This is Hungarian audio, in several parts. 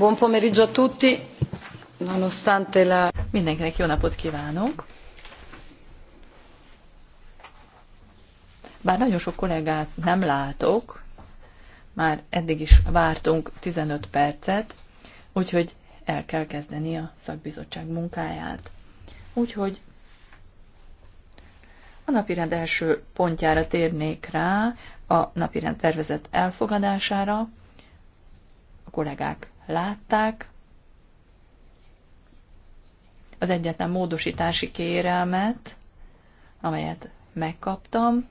Buon pomeriggio a tutti. Nonostante la... Mindenkinek jó napot kívánok. Bár nagyon sok kollégát nem látok, már eddig is vártunk 15 percet, úgyhogy el kell kezdeni a szakbizottság munkáját. Úgyhogy a napirend első pontjára térnék rá, a napirend tervezet elfogadására. A kollégák látták az egyetlen módosítási kérelmet, amelyet megkaptam,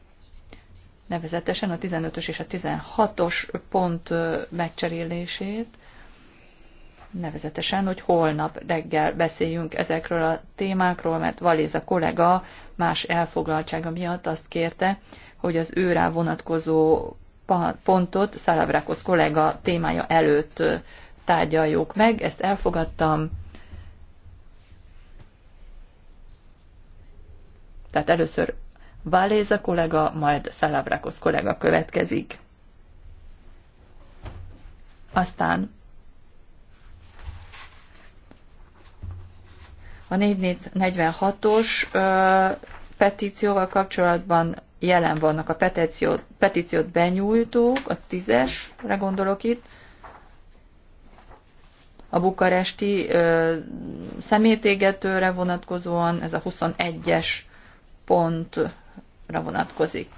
nevezetesen a 15-ös és a 16-os pont megcserélését, nevezetesen, hogy holnap reggel beszéljünk ezekről a témákról, mert a kollega más elfoglaltsága miatt azt kérte, hogy az őrá vonatkozó pontot Szalabrakosz kollega témája előtt tárgyaljuk meg, ezt elfogadtam. Tehát először Valéza kollega, majd Szalavrakosz kollega következik. Aztán a 446 os petícióval kapcsolatban jelen vannak a petíciót, petíciót benyújtók, a tízesre gondolok itt, a bukaresti ö, szemétégetőre vonatkozóan, ez a 21-es pontra vonatkozik.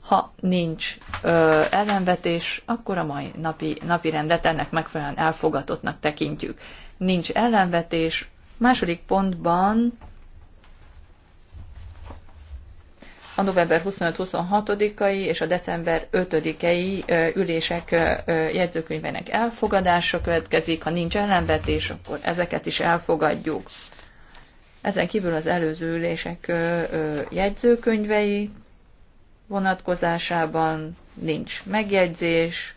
Ha nincs ö, ellenvetés, akkor a mai napi, napi rendet ennek megfelelően elfogadottnak tekintjük. Nincs ellenvetés, második pontban a november 25-26-ai és a december 5-ei ülések jegyzőkönyvének elfogadása következik. Ha nincs ellenvetés, akkor ezeket is elfogadjuk. Ezen kívül az előző ülések jegyzőkönyvei vonatkozásában nincs megjegyzés,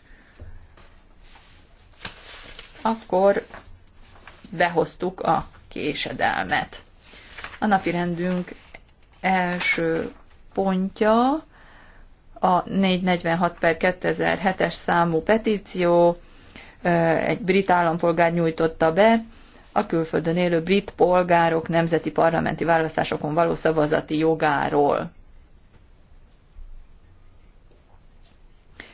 akkor behoztuk a késedelmet. A napirendünk első pontja a 446 per 2007-es számú petíció, egy brit állampolgár nyújtotta be, a külföldön élő brit polgárok nemzeti parlamenti választásokon való szavazati jogáról.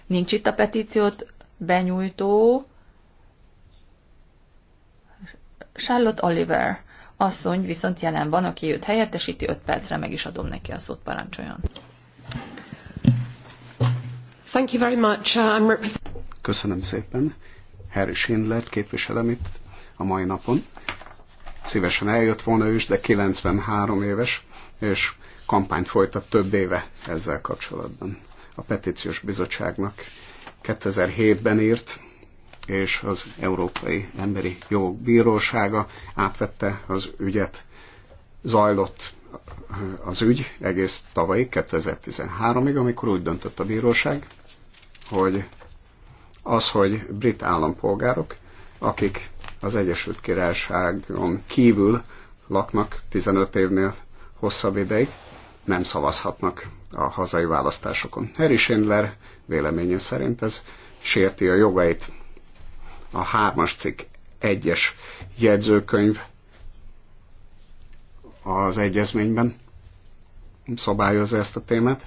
Nincs itt a petíciót benyújtó Charlotte Oliver asszony viszont jelen van, aki őt helyettesíti, 5 percre meg is adom neki a szót, parancsoljon. Thank you very much. Uh, I'm Köszönöm szépen. Harry Schindler képviselem itt a mai napon. Szívesen eljött volna ő is, de 93 éves, és kampányt folytat több éve ezzel kapcsolatban. A petíciós bizottságnak 2007-ben írt és az Európai Emberi Jogok Bírósága átvette az ügyet. Zajlott az ügy egész tavalyi 2013-ig, amikor úgy döntött a bíróság, hogy az, hogy brit állampolgárok, akik az Egyesült Királyságon kívül laknak 15 évnél hosszabb ideig, nem szavazhatnak a hazai választásokon. Harry Schindler véleménye szerint ez sérti a jogait a hármas cikk egyes jegyzőkönyv az egyezményben szabályozza ezt a témát.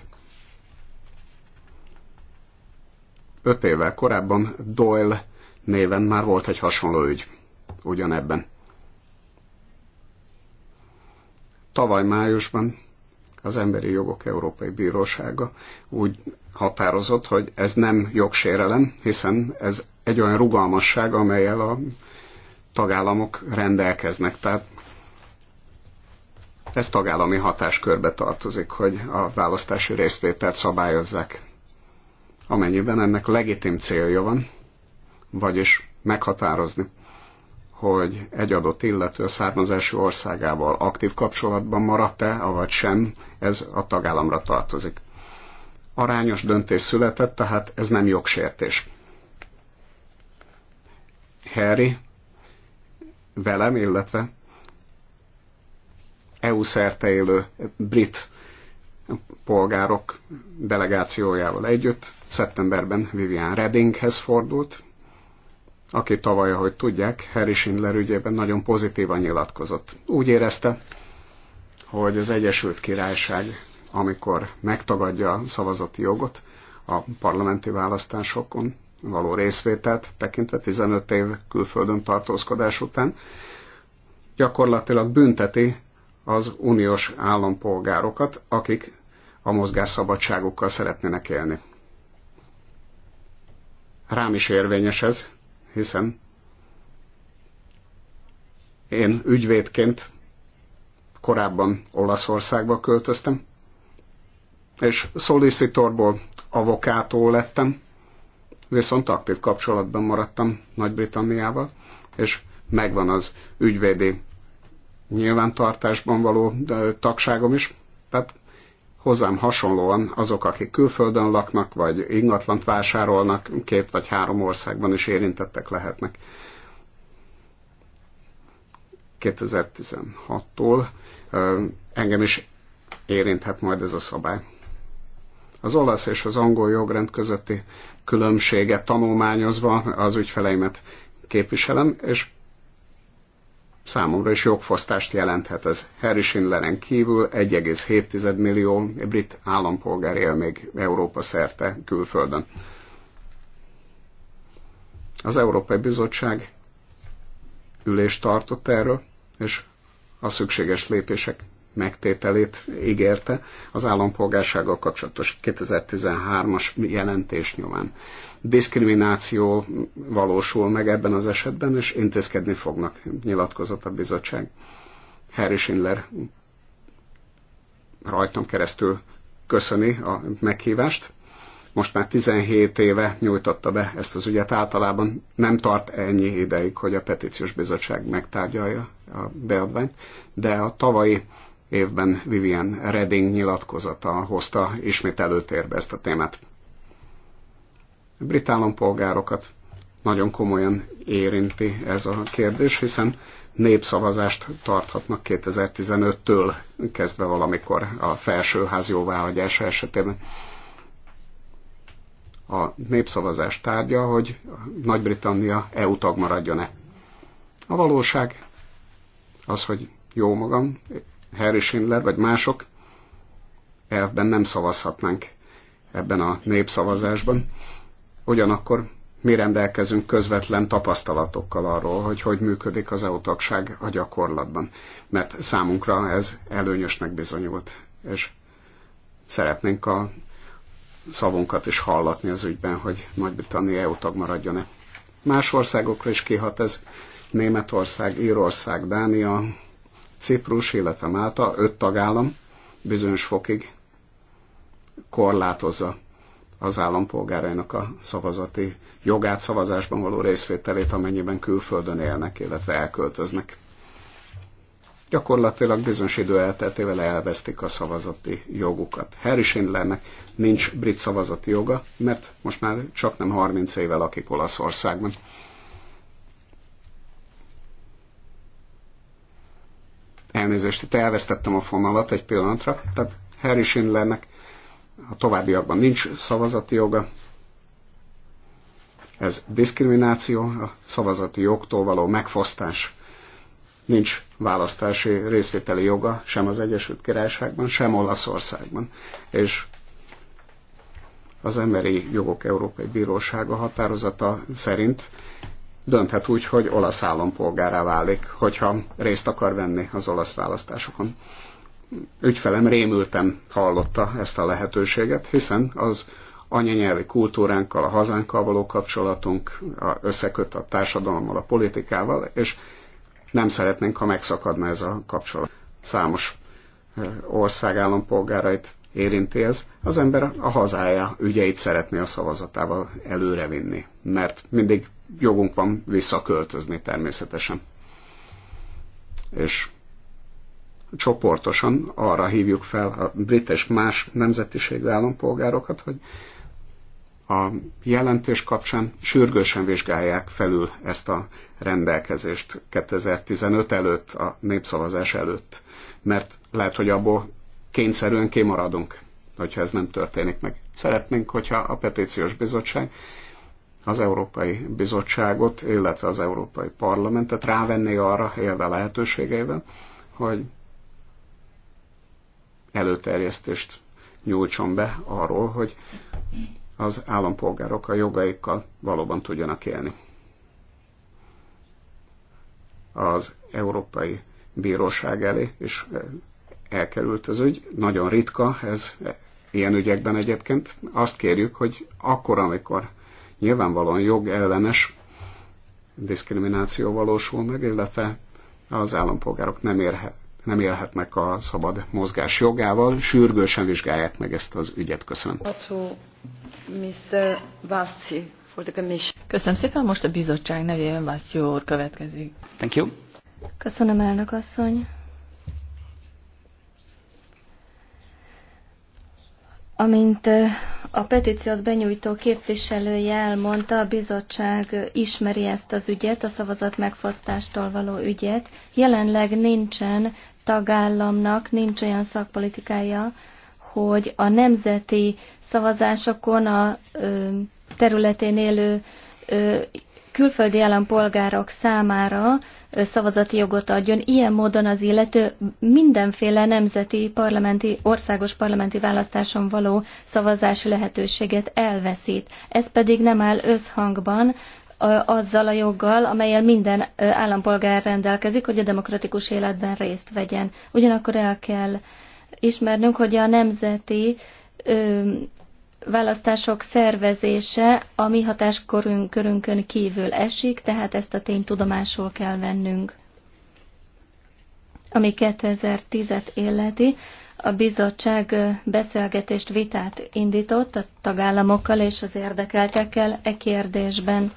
Öt évvel korábban Doyle néven már volt egy hasonló ügy ugyanebben. Tavaly májusban az Emberi Jogok Európai Bírósága úgy határozott, hogy ez nem jogsérelem, hiszen ez egy olyan rugalmasság, amelyel a tagállamok rendelkeznek. Tehát ez tagállami hatáskörbe tartozik, hogy a választási részvételt szabályozzák, amennyiben ennek legitim célja van, vagyis meghatározni hogy egy adott illető a származási országával aktív kapcsolatban maradt-e, avagy sem, ez a tagállamra tartozik. Arányos döntés született, tehát ez nem jogsértés. Harry velem, illetve EU szerte élő brit polgárok delegációjával együtt szeptemberben Vivian Reddinghez fordult, aki tavaly, ahogy tudják, Harry Schindler ügyében nagyon pozitívan nyilatkozott. Úgy érezte, hogy az Egyesült Királyság, amikor megtagadja a szavazati jogot a parlamenti választásokon való részvételt tekintve 15 év külföldön tartózkodás után, gyakorlatilag bünteti az uniós állampolgárokat, akik a mozgásszabadságukkal szeretnének élni. Rám is érvényes ez, hiszen én ügyvédként korábban Olaszországba költöztem, és szolicitorból avokátó lettem, viszont aktív kapcsolatban maradtam Nagy-Britanniával, és megvan az ügyvédi nyilvántartásban való tagságom is, tehát hozzám hasonlóan azok, akik külföldön laknak, vagy ingatlant vásárolnak, két vagy három országban is érintettek lehetnek. 2016-tól engem is érinthet majd ez a szabály. Az olasz és az angol jogrend közötti különbséget tanulmányozva az ügyfeleimet képviselem, és számomra is jogfosztást jelenthet ez. Harry Schindleren kívül 1,7 millió brit állampolgár él még Európa szerte külföldön. Az Európai Bizottság ülést tartott erről, és a szükséges lépések megtételét ígérte az állampolgársággal kapcsolatos 2013-as jelentés nyomán. Diszkrimináció valósul meg ebben az esetben, és intézkedni fognak, nyilatkozott a bizottság. Harry Schindler rajtam keresztül köszöni a meghívást. Most már 17 éve nyújtotta be ezt az ügyet, általában nem tart ennyi ideig, hogy a petíciós bizottság megtárgyalja a beadványt, de a tavalyi évben Vivian Redding nyilatkozata hozta ismét előtérbe ezt a témát. A brit állampolgárokat nagyon komolyan érinti ez a kérdés, hiszen népszavazást tarthatnak 2015-től kezdve valamikor a felsőház jóváhagyása esetében. A népszavazás tárgya, hogy Nagy-Britannia EU tag maradjon-e. A valóság az, hogy jó magam, Harry Schindler vagy mások, elvben nem szavazhatnánk ebben a népszavazásban. Ugyanakkor mi rendelkezünk közvetlen tapasztalatokkal arról, hogy hogy működik az EU a gyakorlatban, mert számunkra ez előnyösnek bizonyult, és szeretnénk a szavunkat is hallatni az ügyben, hogy Nagy-Britannia EU tag maradjon-e. Más országokra is kihat ez, Németország, Írország, Dánia, Ciprus, illetve Málta, öt tagállam bizonyos fokig korlátozza az állampolgárainak a szavazati jogát, szavazásban való részvételét, amennyiben külföldön élnek, illetve elköltöznek. Gyakorlatilag bizonyos idő elteltével elvesztik a szavazati jogukat. Harry Schindlernek nincs brit szavazati joga, mert most már csak nem 30 éve lakik Olaszországban. Elnézést, itt elvesztettem a fonalat egy pillanatra. Tehát Harry Schindlernek a továbbiakban nincs szavazati joga. Ez diszkrimináció, a szavazati jogtól való megfosztás. Nincs választási részvételi joga sem az Egyesült Királyságban, sem Olaszországban. És az Emberi Jogok Európai Bírósága határozata szerint dönthet úgy, hogy olasz állampolgárá válik, hogyha részt akar venni az olasz választásokon. Ügyfelem rémülten hallotta ezt a lehetőséget, hiszen az anyanyelvi kultúránkkal, a hazánkkal való kapcsolatunk a összeköt a társadalommal, a politikával, és nem szeretnénk, ha megszakadna ez a kapcsolat. Számos ország állampolgárait érinti ez, az ember a hazája ügyeit szeretné a szavazatával előrevinni, mert mindig jogunk van visszaköltözni természetesen. És csoportosan arra hívjuk fel a brit és más nemzetiségű állampolgárokat, hogy a jelentés kapcsán sürgősen vizsgálják felül ezt a rendelkezést 2015 előtt, a népszavazás előtt, mert lehet, hogy abból kényszerűen kimaradunk, hogyha ez nem történik meg. Szeretnénk, hogyha a petíciós bizottság az Európai Bizottságot, illetve az Európai Parlamentet rávenni arra élve lehetőségeivel, hogy előterjesztést nyújtson be arról, hogy az állampolgárok a jogaikkal valóban tudjanak élni. Az Európai Bíróság elé is elkerült az ügy. Nagyon ritka ez ilyen ügyekben egyébként. Azt kérjük, hogy akkor, amikor nyilvánvalóan jogellenes diszkrimináció valósul meg, illetve az állampolgárok nem, érhet, nem élhetnek a szabad mozgás jogával. Sürgősen vizsgálják meg ezt az ügyet. Köszönöm. Köszönöm szépen, most a bizottság nevében Vászló úr következik. Thank you. Köszönöm, elnök asszony. Amint a petíciót benyújtó képviselője elmondta, a bizottság ismeri ezt az ügyet, a szavazat megfosztástól való ügyet. Jelenleg nincsen tagállamnak, nincs olyan szakpolitikája, hogy a nemzeti szavazásokon a területén élő külföldi állampolgárok számára szavazati jogot adjon. Ilyen módon az illető mindenféle nemzeti parlamenti, országos parlamenti választáson való szavazási lehetőséget elveszít. Ez pedig nem áll összhangban azzal a joggal, amelyel minden állampolgár rendelkezik, hogy a demokratikus életben részt vegyen. Ugyanakkor el kell ismernünk, hogy a nemzeti választások szervezése a mi hatáskörünkön kívül esik, tehát ezt a tény tudomásul kell vennünk. Ami 2010-et illeti, a bizottság beszélgetést, vitát indított a tagállamokkal és az érdekeltekkel e kérdésben.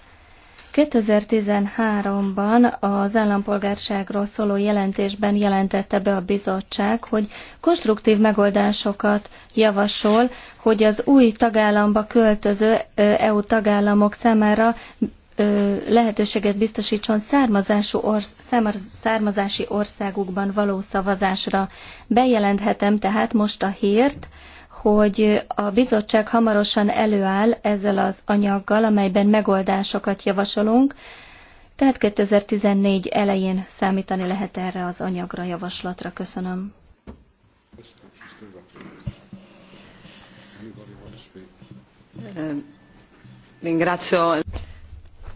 2013-ban az állampolgárságról szóló jelentésben jelentette be a bizottság, hogy konstruktív megoldásokat javasol, hogy az új tagállamba költöző EU tagállamok számára lehetőséget biztosítson származású orsz, származási országukban való szavazásra. Bejelenthetem tehát most a hírt, hogy a bizottság hamarosan előáll ezzel az anyaggal, amelyben megoldásokat javasolunk, tehát 2014 elején számítani lehet erre az anyagra, javaslatra. Köszönöm.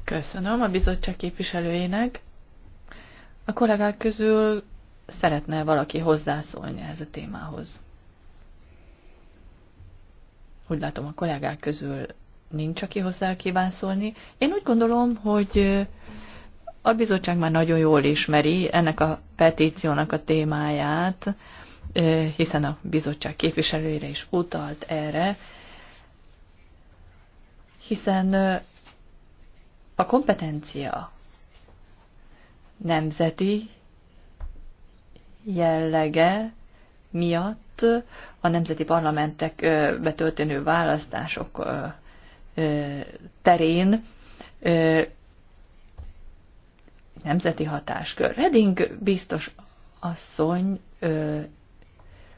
Köszönöm a bizottság képviselőjének. A kollégák közül szeretne valaki hozzászólni ez a témához. Úgy látom, a kollégák közül nincs, aki hozzá kíván szólni. Én úgy gondolom, hogy a bizottság már nagyon jól ismeri ennek a petíciónak a témáját, hiszen a bizottság képviselőire is utalt erre, hiszen a kompetencia nemzeti jellege miatt a nemzeti parlamentek betöltenő választások terén nemzeti hatáskör. Reding biztos asszony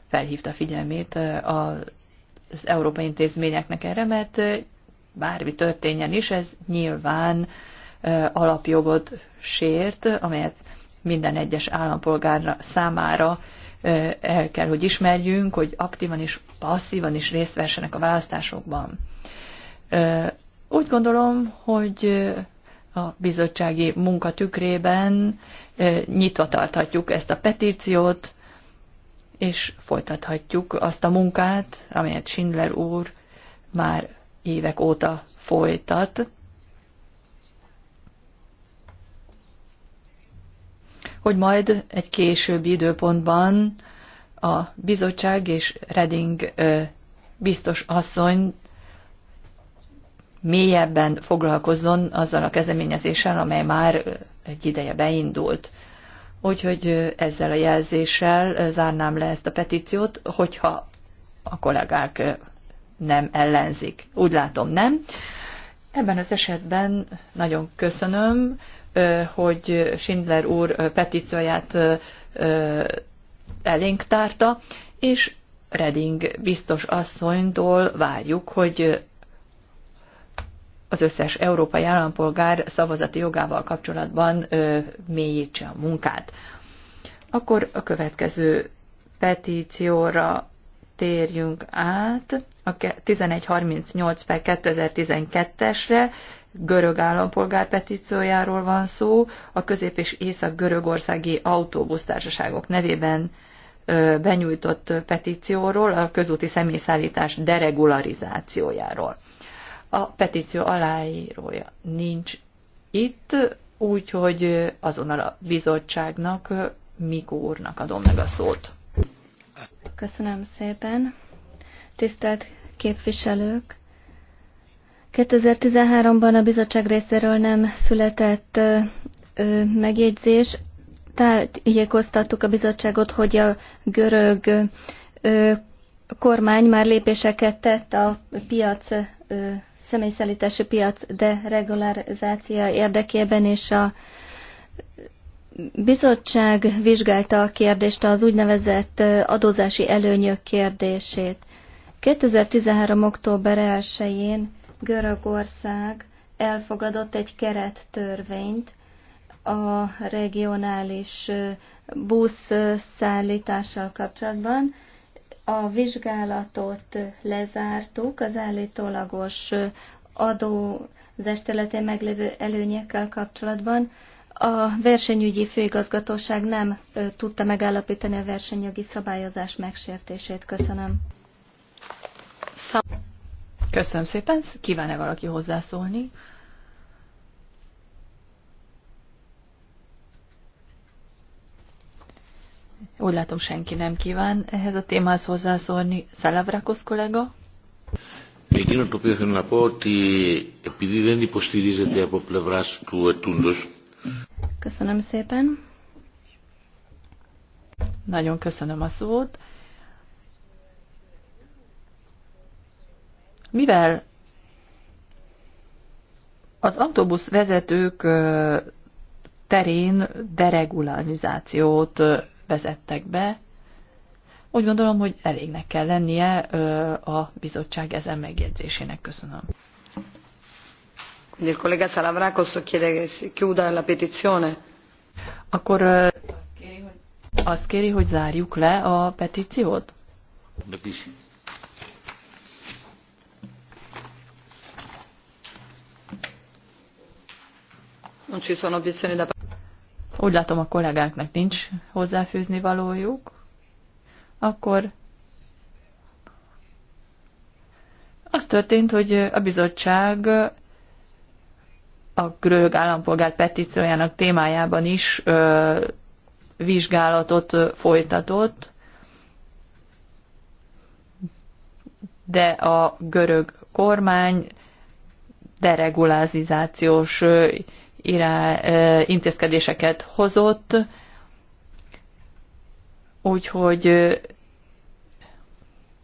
felhívta figyelmét az európai intézményeknek erre, mert bármi történjen is, ez nyilván alapjogot sért, amelyet minden egyes állampolgár számára el kell, hogy ismerjünk, hogy aktívan és passzívan is részt vessenek a választásokban. Úgy gondolom, hogy a bizottsági munka tükrében nyitva tarthatjuk ezt a petíciót, és folytathatjuk azt a munkát, amelyet Schindler úr már évek óta folytat, hogy majd egy későbbi időpontban a bizottság és Reding biztos asszony mélyebben foglalkozzon azzal a kezdeményezéssel, amely már egy ideje beindult. Úgyhogy ezzel a jelzéssel zárnám le ezt a petíciót, hogyha a kollégák nem ellenzik. Úgy látom, nem. Ebben az esetben nagyon köszönöm, hogy Schindler úr petícióját elénk tárta, és Reding biztos asszonytól várjuk, hogy az összes európai állampolgár szavazati jogával kapcsolatban mélyítse a munkát. Akkor a következő petícióra térjünk át a 1138 per 2012-esre, görög állampolgár petíciójáról van szó, a közép- és észak-görögországi autóbusztársaságok nevében benyújtott petícióról, a közúti személyszállítás deregularizációjáról. A petíció aláírója nincs itt, úgyhogy azonnal a bizottságnak, Mikó úrnak adom meg a szót. Köszönöm szépen tisztelt képviselők! 2013-ban a bizottság részéről nem született ö, megjegyzés. Tájékoztattuk a bizottságot, hogy a görög ö, kormány már lépéseket tett a piac, ö, személyszállítási piac deregularizáció érdekében, és a bizottság vizsgálta a kérdést az úgynevezett adózási előnyök kérdését. 2013. október 1-én Görögország elfogadott egy kerettörvényt a regionális busz szállítással kapcsolatban. A vizsgálatot lezártuk, az állítólagos adó az esteletén meglévő előnyekkel kapcsolatban. A versenyügyi főigazgatóság nem tudta megállapítani a versenyjogi szabályozás megsértését. Köszönöm. Köszönöm szépen. Kíván-e valaki hozzászólni? Úgy látom, senki nem kíván ehhez a témához hozzászólni. Szalavrakosz kollega? Εκείνο το οποίο θέλω να πω ότι επειδή δεν υποστηρίζεται από πλευρά του Köszönöm szépen. Nagyon köszönöm a szót. Mivel az autóbusz vezetők terén deregularizációt vezettek be, úgy gondolom, hogy elégnek kell lennie a bizottság ezen megjegyzésének. Köszönöm. Il collega Salavrakos chiede che si chiuda la petizione. Akkor azt kéri, hogy, azt kéri, hogy zárjuk le a petíciót? De Úgy látom, a kollégáknak nincs hozzáfűzni valójuk. Akkor az történt, hogy a bizottság a görög állampolgár petíciójának témájában is ö, vizsgálatot folytatott, de a görög kormány deregulázizációs irá, intézkedéseket hozott, úgyhogy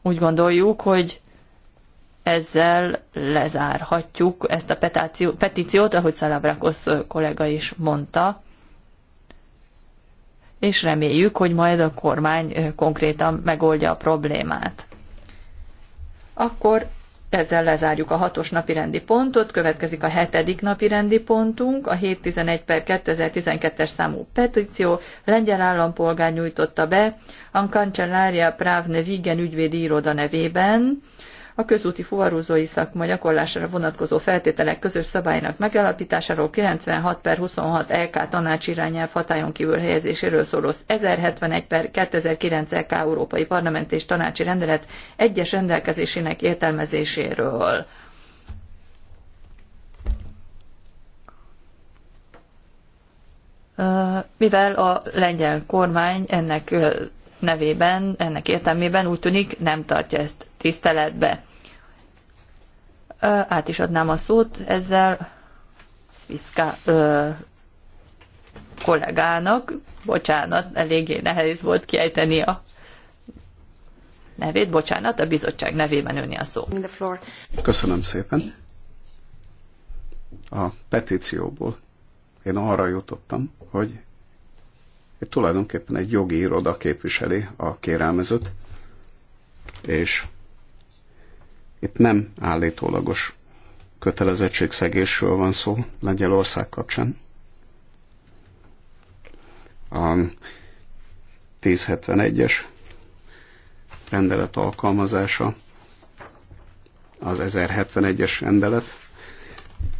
úgy gondoljuk, hogy ezzel lezárhatjuk ezt a petáció, petíciót, ahogy Szalabrakosz kollega is mondta, és reméljük, hogy majd a kormány konkrétan megoldja a problémát. Akkor ezzel lezárjuk a hatos napi rendi pontot, következik a hetedik napi rendi pontunk, a 711 per 2012-es számú petíció, lengyel állampolgár nyújtotta be, a Kancellária Právne Vigen ügyvédi iroda nevében, a közúti fuvarozói szakma gyakorlására vonatkozó feltételek közös szabálynak megalapításáról 96 per 26 LK e tanács irányelv hatályon kívül helyezéséről szóló 1071 per 2009 LK e Európai Parlament és Tanácsi Rendelet egyes rendelkezésének értelmezéséről. Mivel a lengyel kormány ennek nevében, ennek értelmében úgy tűnik nem tartja ezt tiszteletbe. Át is adnám a szót ezzel Sviszka kollégának. Bocsánat, eléggé nehéz volt kiejteni a nevét. Bocsánat, a bizottság nevében önni a szó. Köszönöm szépen. A petícióból én arra jutottam, hogy tulajdonképpen egy jogi iroda képviseli a kérelmezőt, és itt nem állítólagos kötelezettségszegésről van szó Lengyelország kapcsán. A 1071-es rendelet alkalmazása, az 1071-es rendelet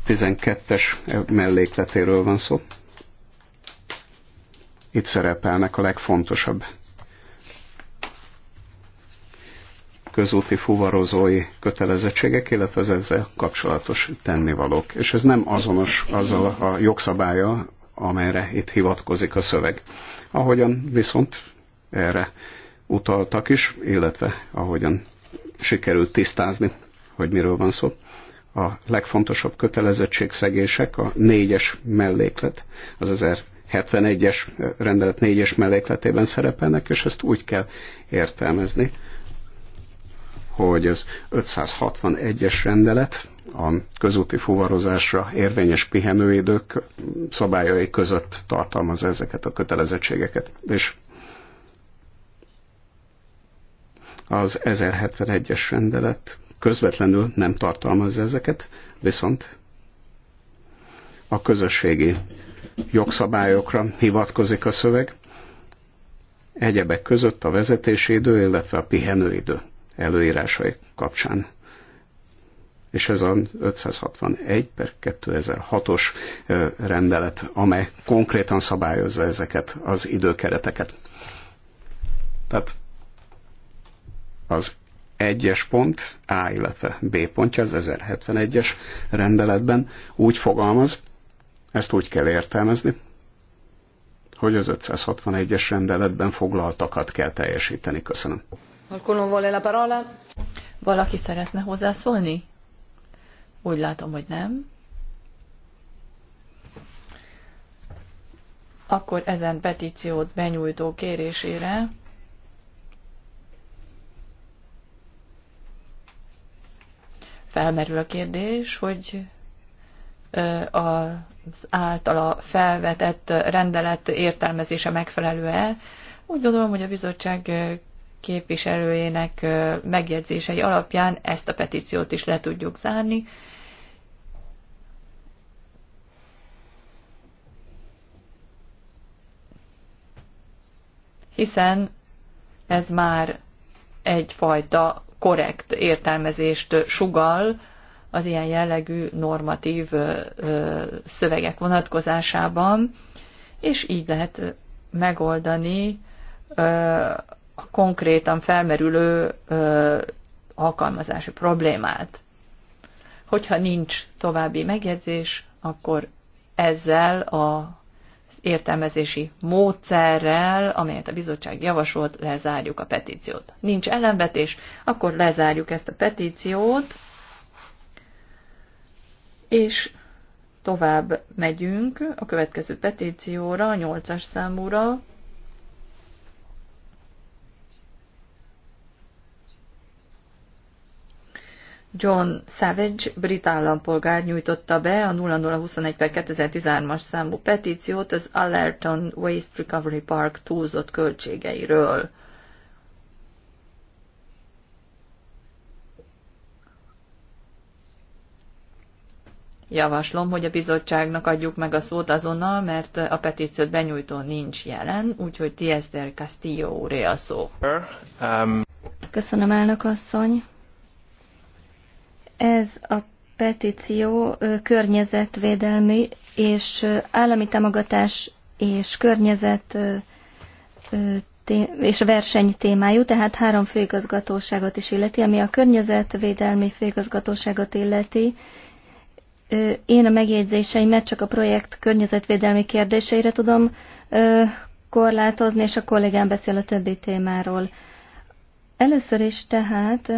12-es mellékletéről van szó. Itt szerepelnek a legfontosabb közúti fuvarozói kötelezettségek, illetve az ezzel kapcsolatos tennivalók. És ez nem azonos azzal a jogszabálya, amelyre itt hivatkozik a szöveg. Ahogyan viszont erre utaltak is, illetve ahogyan sikerült tisztázni, hogy miről van szó. A legfontosabb kötelezettségszegések a négyes melléklet, az 1071-es rendelet négyes mellékletében szerepelnek, és ezt úgy kell értelmezni, hogy az 561-es rendelet a közúti fuvarozásra érvényes pihenőidők szabályai között tartalmaz ezeket a kötelezettségeket. És az 1071-es rendelet közvetlenül nem tartalmazza ezeket, viszont a közösségi jogszabályokra hivatkozik a szöveg, egyebek között a vezetési idő, illetve a pihenőidő előírásai kapcsán. És ez az 561 per 2006-os rendelet, amely konkrétan szabályozza ezeket az időkereteket. Tehát az egyes pont, A, illetve B pontja, az 1071-es rendeletben úgy fogalmaz, ezt úgy kell értelmezni, hogy az 561-es rendeletben foglaltakat kell teljesíteni. Köszönöm. Valaki szeretne hozzászólni? Úgy látom, hogy nem. Akkor ezen petíciót benyújtó kérésére felmerül a kérdés, hogy az általa felvetett rendelet értelmezése megfelelő-e. Úgy gondolom, hogy a bizottság képviselőjének megjegyzései alapján ezt a petíciót is le tudjuk zárni. Hiszen ez már egyfajta korrekt értelmezést sugal az ilyen jellegű normatív szövegek vonatkozásában, és így lehet megoldani a konkrétan felmerülő ö, alkalmazási problémát. Hogyha nincs további megjegyzés, akkor ezzel a értelmezési módszerrel, amelyet a bizottság javasolt, lezárjuk a petíciót. Nincs ellenvetés, akkor lezárjuk ezt a petíciót, és tovább megyünk a következő petícióra, a 8-as számúra, John Savage, brit állampolgár nyújtotta be a 0021 per 2013-as számú petíciót az Allerton Waste Recovery Park túlzott költségeiről. Javaslom, hogy a bizottságnak adjuk meg a szót azonnal, mert a petíciót benyújtó nincs jelen, úgyhogy Tiesder Castillo úré a szó. Um, Köszönöm, elnök asszony. Ez a petíció környezetvédelmi és állami támogatás és környezet és verseny témájú, tehát három főigazgatóságot is illeti, ami a környezetvédelmi főigazgatóságot illeti. Én a megjegyzéseimet csak a projekt környezetvédelmi kérdéseire tudom korlátozni, és a kollégám beszél a többi témáról. Először is tehát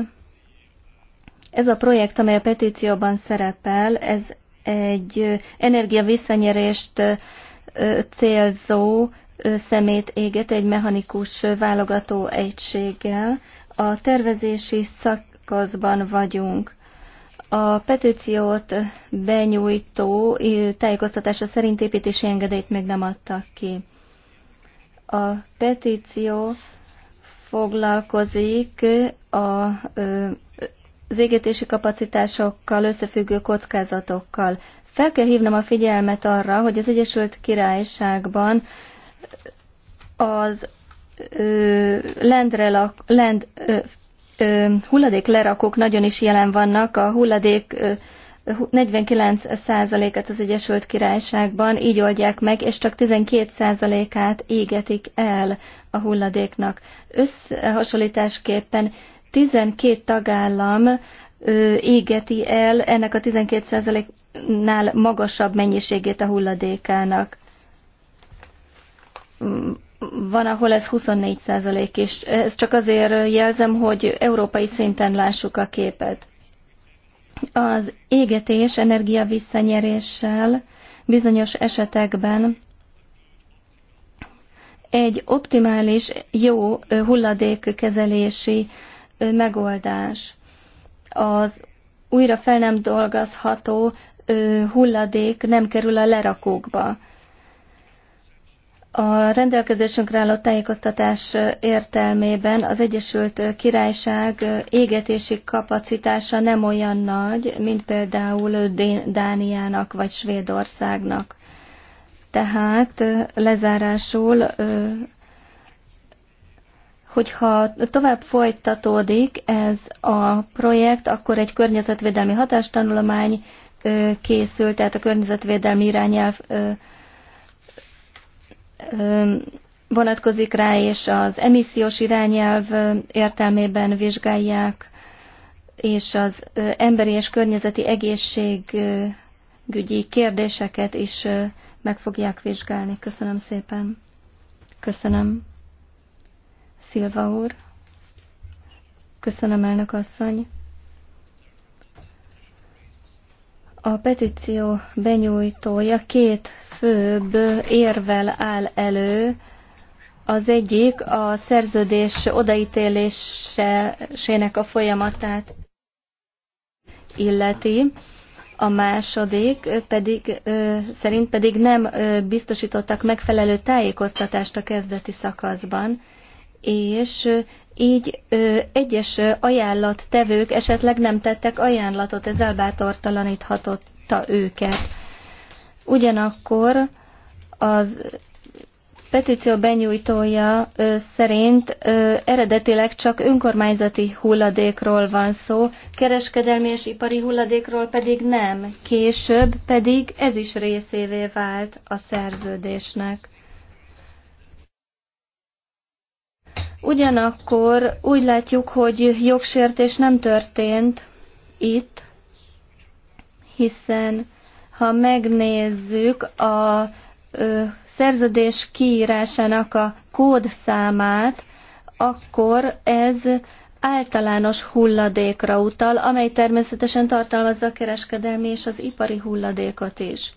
ez a projekt, amely a petícióban szerepel, ez egy energiavisszanyerést célzó szemét éget egy mechanikus válogató egységgel. A tervezési szakaszban vagyunk. A petíciót benyújtó tájékoztatása szerint építési engedélyt még nem adtak ki. A petíció foglalkozik a az égetési kapacitásokkal összefüggő kockázatokkal. Fel kell hívnom a figyelmet arra, hogy az Egyesült Királyságban az ö, lendrelak, lend, ö, ö, hulladék lerakók nagyon is jelen vannak, a hulladék ö, 49%-át az Egyesült Királyságban így oldják meg, és csak 12%-át égetik el a hulladéknak. Összehasonlításképpen 12 tagállam égeti el ennek a 12%-nál magasabb mennyiségét a hulladékának. Van, ahol ez 24% is. Ez csak azért jelzem, hogy európai szinten lássuk a képet. Az égetés energia visszanyeréssel bizonyos esetekben egy optimális, jó hulladékkezelési megoldás. Az újra fel nem dolgozható hulladék nem kerül a lerakókba. A rendelkezésünkre álló tájékoztatás értelmében az Egyesült Királyság égetési kapacitása nem olyan nagy, mint például Dániának vagy Svédországnak. Tehát lezárásul hogyha tovább folytatódik ez a projekt, akkor egy környezetvédelmi hatástanulmány készült, tehát a környezetvédelmi irányelv vonatkozik rá, és az emissziós irányelv értelmében vizsgálják, és az emberi és környezeti egészségügyi kérdéseket is meg fogják vizsgálni. Köszönöm szépen. Köszönöm. Szilva úr. Köszönöm, elnök asszony. A petíció benyújtója két főbb érvel áll elő. Az egyik a szerződés odaítélésének a folyamatát illeti, a második pedig, szerint pedig nem biztosítottak megfelelő tájékoztatást a kezdeti szakaszban, és így ö, egyes ajánlattevők esetleg nem tettek ajánlatot, ez elbátortalaníthatotta őket. Ugyanakkor az petíció benyújtója ö, szerint ö, eredetileg csak önkormányzati hulladékról van szó, kereskedelmi és ipari hulladékról pedig nem. Később pedig ez is részévé vált a szerződésnek. Ugyanakkor úgy látjuk, hogy jogsértés nem történt itt, hiszen ha megnézzük a ö, szerződés kiírásának a kódszámát, akkor ez általános hulladékra utal, amely természetesen tartalmazza a kereskedelmi és az ipari hulladékot is.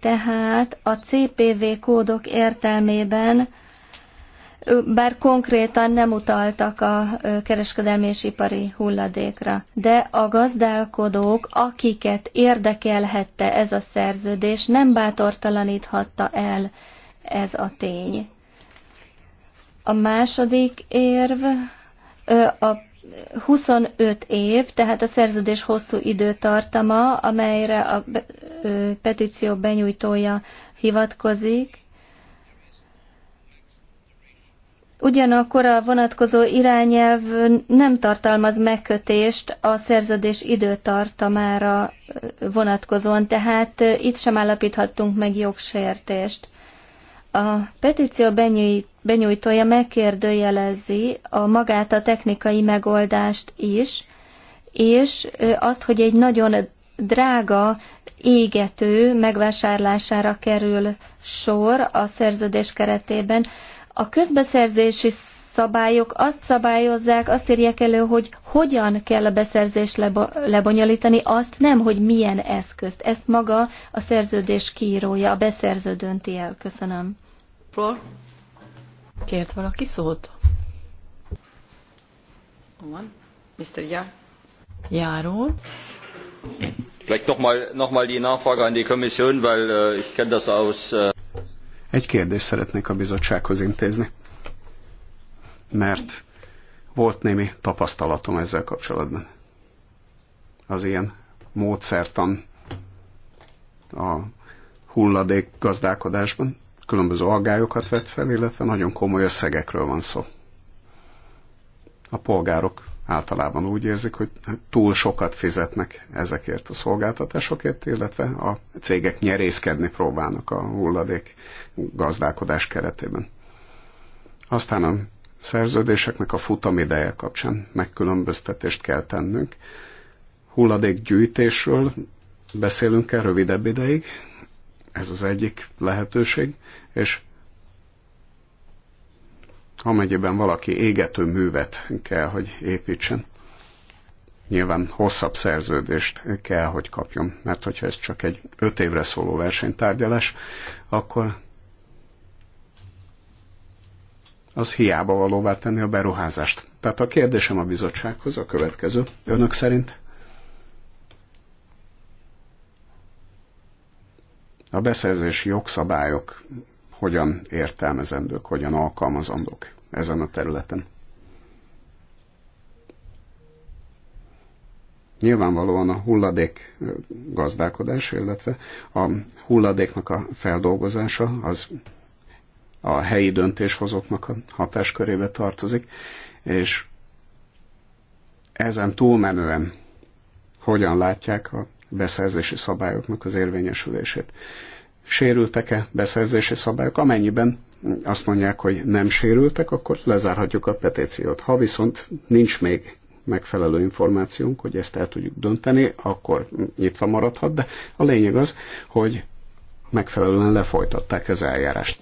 Tehát a CPV kódok értelmében bár konkrétan nem utaltak a kereskedelmi és ipari hulladékra. De a gazdálkodók, akiket érdekelhette ez a szerződés, nem bátortalaníthatta el ez a tény. A második érv a 25 év, tehát a szerződés hosszú időtartama, amelyre a petíció benyújtója hivatkozik, Ugyanakkor a vonatkozó irányelv nem tartalmaz megkötést a szerződés időtartamára vonatkozóan, tehát itt sem állapíthattunk meg jogsértést. A petíció benyújtója megkérdőjelezi a magát a technikai megoldást is, és azt, hogy egy nagyon drága égető megvásárlására kerül sor a szerződés keretében, a közbeszerzési szabályok azt szabályozzák, azt írják elő, hogy hogyan kell a beszerzést lebo lebonyolítani, azt nem, hogy milyen eszközt. Ezt maga a szerződés kiírója, a beszerző dönti el. Köszönöm. Flor? Kért valaki szót? Van. Mr. Ja. Járó. Vielleicht nochmal noch mal die Nachfrage an die Kommission, weil äh, ich kenne das aus... Äh egy kérdést szeretnék a bizottsághoz intézni, mert volt némi tapasztalatom ezzel kapcsolatban. Az ilyen módszertan a hulladék gazdálkodásban különböző algályokat vett fel, illetve nagyon komoly összegekről van szó. A polgárok általában úgy érzik, hogy túl sokat fizetnek ezekért a szolgáltatásokért, illetve a cégek nyerészkedni próbálnak a hulladék gazdálkodás keretében. Aztán a szerződéseknek a futamideje kapcsán megkülönböztetést kell tennünk. Hulladékgyűjtésről beszélünk el rövidebb ideig, ez az egyik lehetőség, és amennyiben valaki égető művet kell, hogy építsen, nyilván hosszabb szerződést kell, hogy kapjon, mert hogyha ez csak egy öt évre szóló versenytárgyalás, akkor az hiába valóvá tenni a beruházást. Tehát a kérdésem a bizottsághoz a következő. Önök szerint a beszerzési jogszabályok hogyan értelmezendők, hogyan alkalmazandók ezen a területen. Nyilvánvalóan a hulladék gazdálkodás, illetve a hulladéknak a feldolgozása az a helyi döntéshozóknak a hatáskörébe tartozik, és ezen túlmenően hogyan látják a beszerzési szabályoknak az érvényesülését sérültek-e beszerzési szabályok. Amennyiben azt mondják, hogy nem sérültek, akkor lezárhatjuk a petíciót. Ha viszont nincs még megfelelő információnk, hogy ezt el tudjuk dönteni, akkor nyitva maradhat, de a lényeg az, hogy megfelelően lefolytatták az eljárást.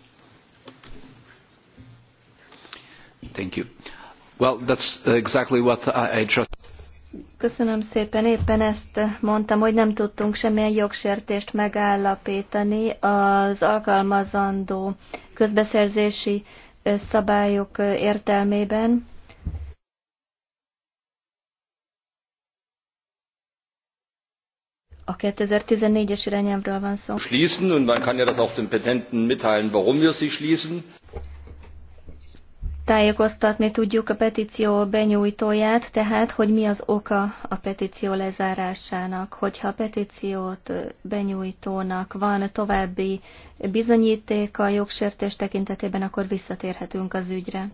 Thank you. Well, that's exactly what I just... Köszönöm szépen, éppen ezt mondtam, hogy nem tudtunk semmilyen jogsértést megállapítani az alkalmazandó közbeszerzési szabályok értelmében. A 2014-es irányelvről van szó. Schließen, und man kann ja das auch den Petenten mitteilen, warum wir sie schließen tájékoztatni tudjuk a petíció benyújtóját, tehát hogy mi az oka a petíció lezárásának. Hogyha a petíciót benyújtónak van további bizonyíték a jogsértés tekintetében, akkor visszatérhetünk az ügyre.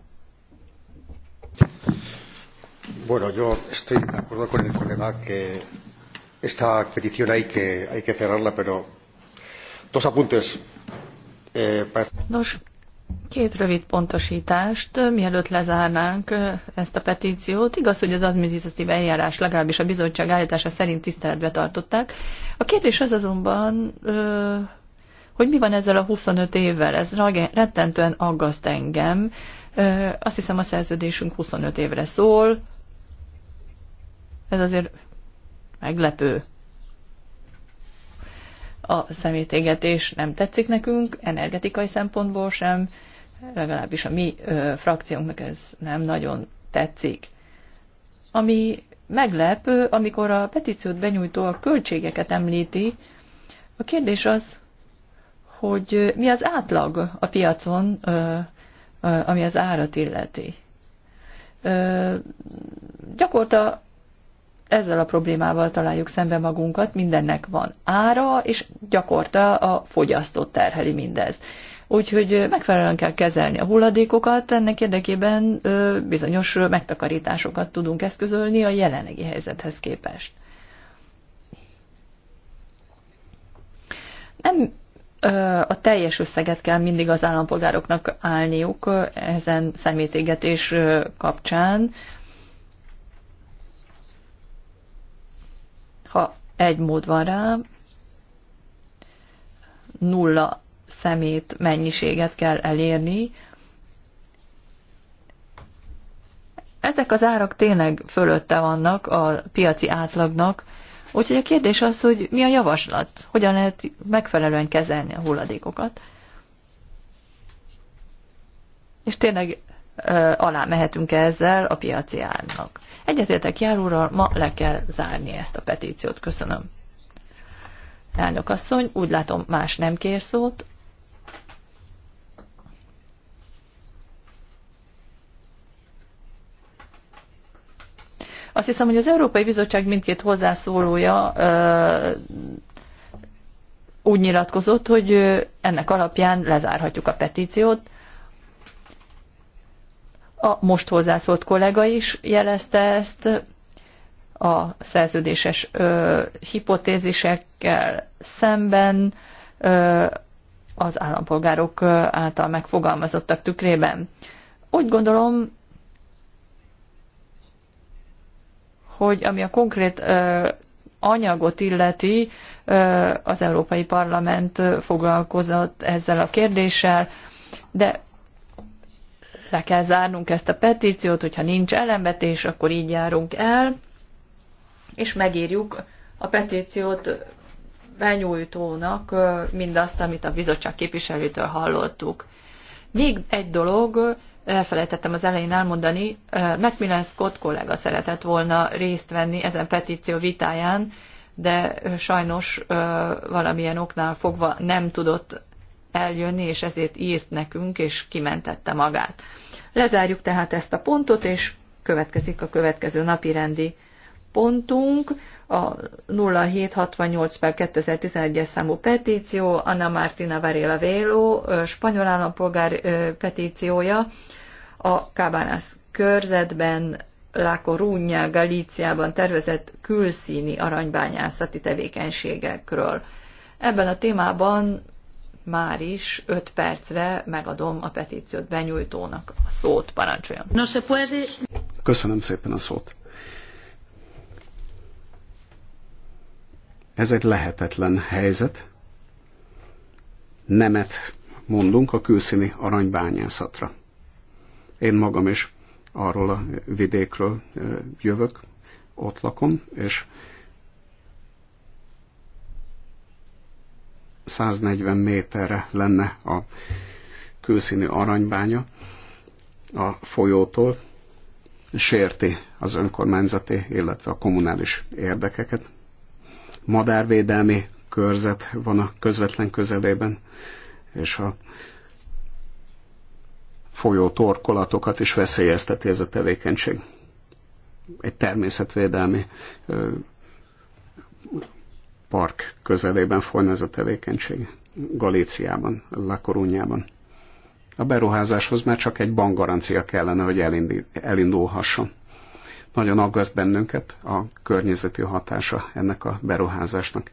Bueno, yo estoy de acuerdo con el colega que esta petición hay que, hay que cerrarla, pero dos apuntes. Eh, para... Nos, Két rövid pontosítást, mielőtt lezárnánk ezt a petíciót. Igaz, hogy az adminisztratív eljárás legalábbis a bizottság állítása szerint tiszteletbe tartották. A kérdés az azonban, hogy mi van ezzel a 25 évvel? Ez rettentően aggaszt engem. Azt hiszem a szerződésünk 25 évre szól. Ez azért meglepő a szemétégetés nem tetszik nekünk, energetikai szempontból sem, legalábbis a mi ö, frakciónknak ez nem nagyon tetszik. Ami meglep, amikor a petíciót benyújtó a költségeket említi, a kérdés az, hogy mi az átlag a piacon, ö, ami az árat illeti. Ö, gyakorta ezzel a problémával találjuk szembe magunkat, mindennek van ára, és gyakorta a fogyasztót terheli mindez. Úgyhogy megfelelően kell kezelni a hulladékokat, ennek érdekében bizonyos megtakarításokat tudunk eszközölni a jelenlegi helyzethez képest. Nem a teljes összeget kell mindig az állampolgároknak állniuk ezen szemétégetés kapcsán. Ha egy mód van rá, nulla szemét mennyiséget kell elérni. Ezek az árak tényleg fölötte vannak a piaci átlagnak, úgyhogy a kérdés az, hogy mi a javaslat, hogyan lehet megfelelően kezelni a hulladékokat. És tényleg alá mehetünk -e ezzel a piaci árnak. Egyetértek járóral, ma le kell zárni ezt a petíciót. Köszönöm. Elnök asszony, úgy látom, más nem kér szót. Azt hiszem, hogy az Európai Bizottság mindkét hozzászólója úgy nyilatkozott, hogy ennek alapján lezárhatjuk a petíciót. A most hozzászólt kollega is jelezte ezt a szerződéses ö, hipotézisekkel szemben ö, az állampolgárok által megfogalmazottak tükrében. Úgy gondolom, hogy ami a konkrét anyagot illeti, az Európai Parlament foglalkozott ezzel a kérdéssel, de le kell zárnunk ezt a petíciót, hogyha nincs ellenvetés, akkor így járunk el, és megírjuk a petíciót benyújtónak mindazt, amit a bizottság képviselőtől hallottuk. Még egy dolog, elfelejtettem az elején elmondani, Macmillan Scott kollega szeretett volna részt venni ezen petíció vitáján, de sajnos valamilyen oknál fogva nem tudott eljönni, és ezért írt nekünk, és kimentette magát. Lezárjuk tehát ezt a pontot, és következik a következő napi rendi pontunk, a 0768 per 2011-es számú petíció, Anna Martina Varela Vélo, spanyol állampolgár petíciója, a Cabanas körzetben, La Coruña, Galíciában tervezett külszíni aranybányászati tevékenységekről. Ebben a témában már is 5 percre megadom a petíciót benyújtónak a szót, parancsoljon. Köszönöm szépen a szót. Ez egy lehetetlen helyzet. Nemet mondunk a külszíni aranybányászatra. Én magam is arról a vidékről jövök, ott lakom, és 140 méterre lenne a külszíni aranybánya a folyótól, sérti az önkormányzati, illetve a kommunális érdekeket, madárvédelmi körzet van a közvetlen közelében, és a folyó torkolatokat is veszélyezteti ez a tevékenység. Egy természetvédelmi park közelében folyna ez a tevékenység. Galíciában, Lakorúnyában. A beruházáshoz már csak egy bankgarancia kellene, hogy elindulhasson. Nagyon aggaszt bennünket a környezeti hatása ennek a beruházásnak.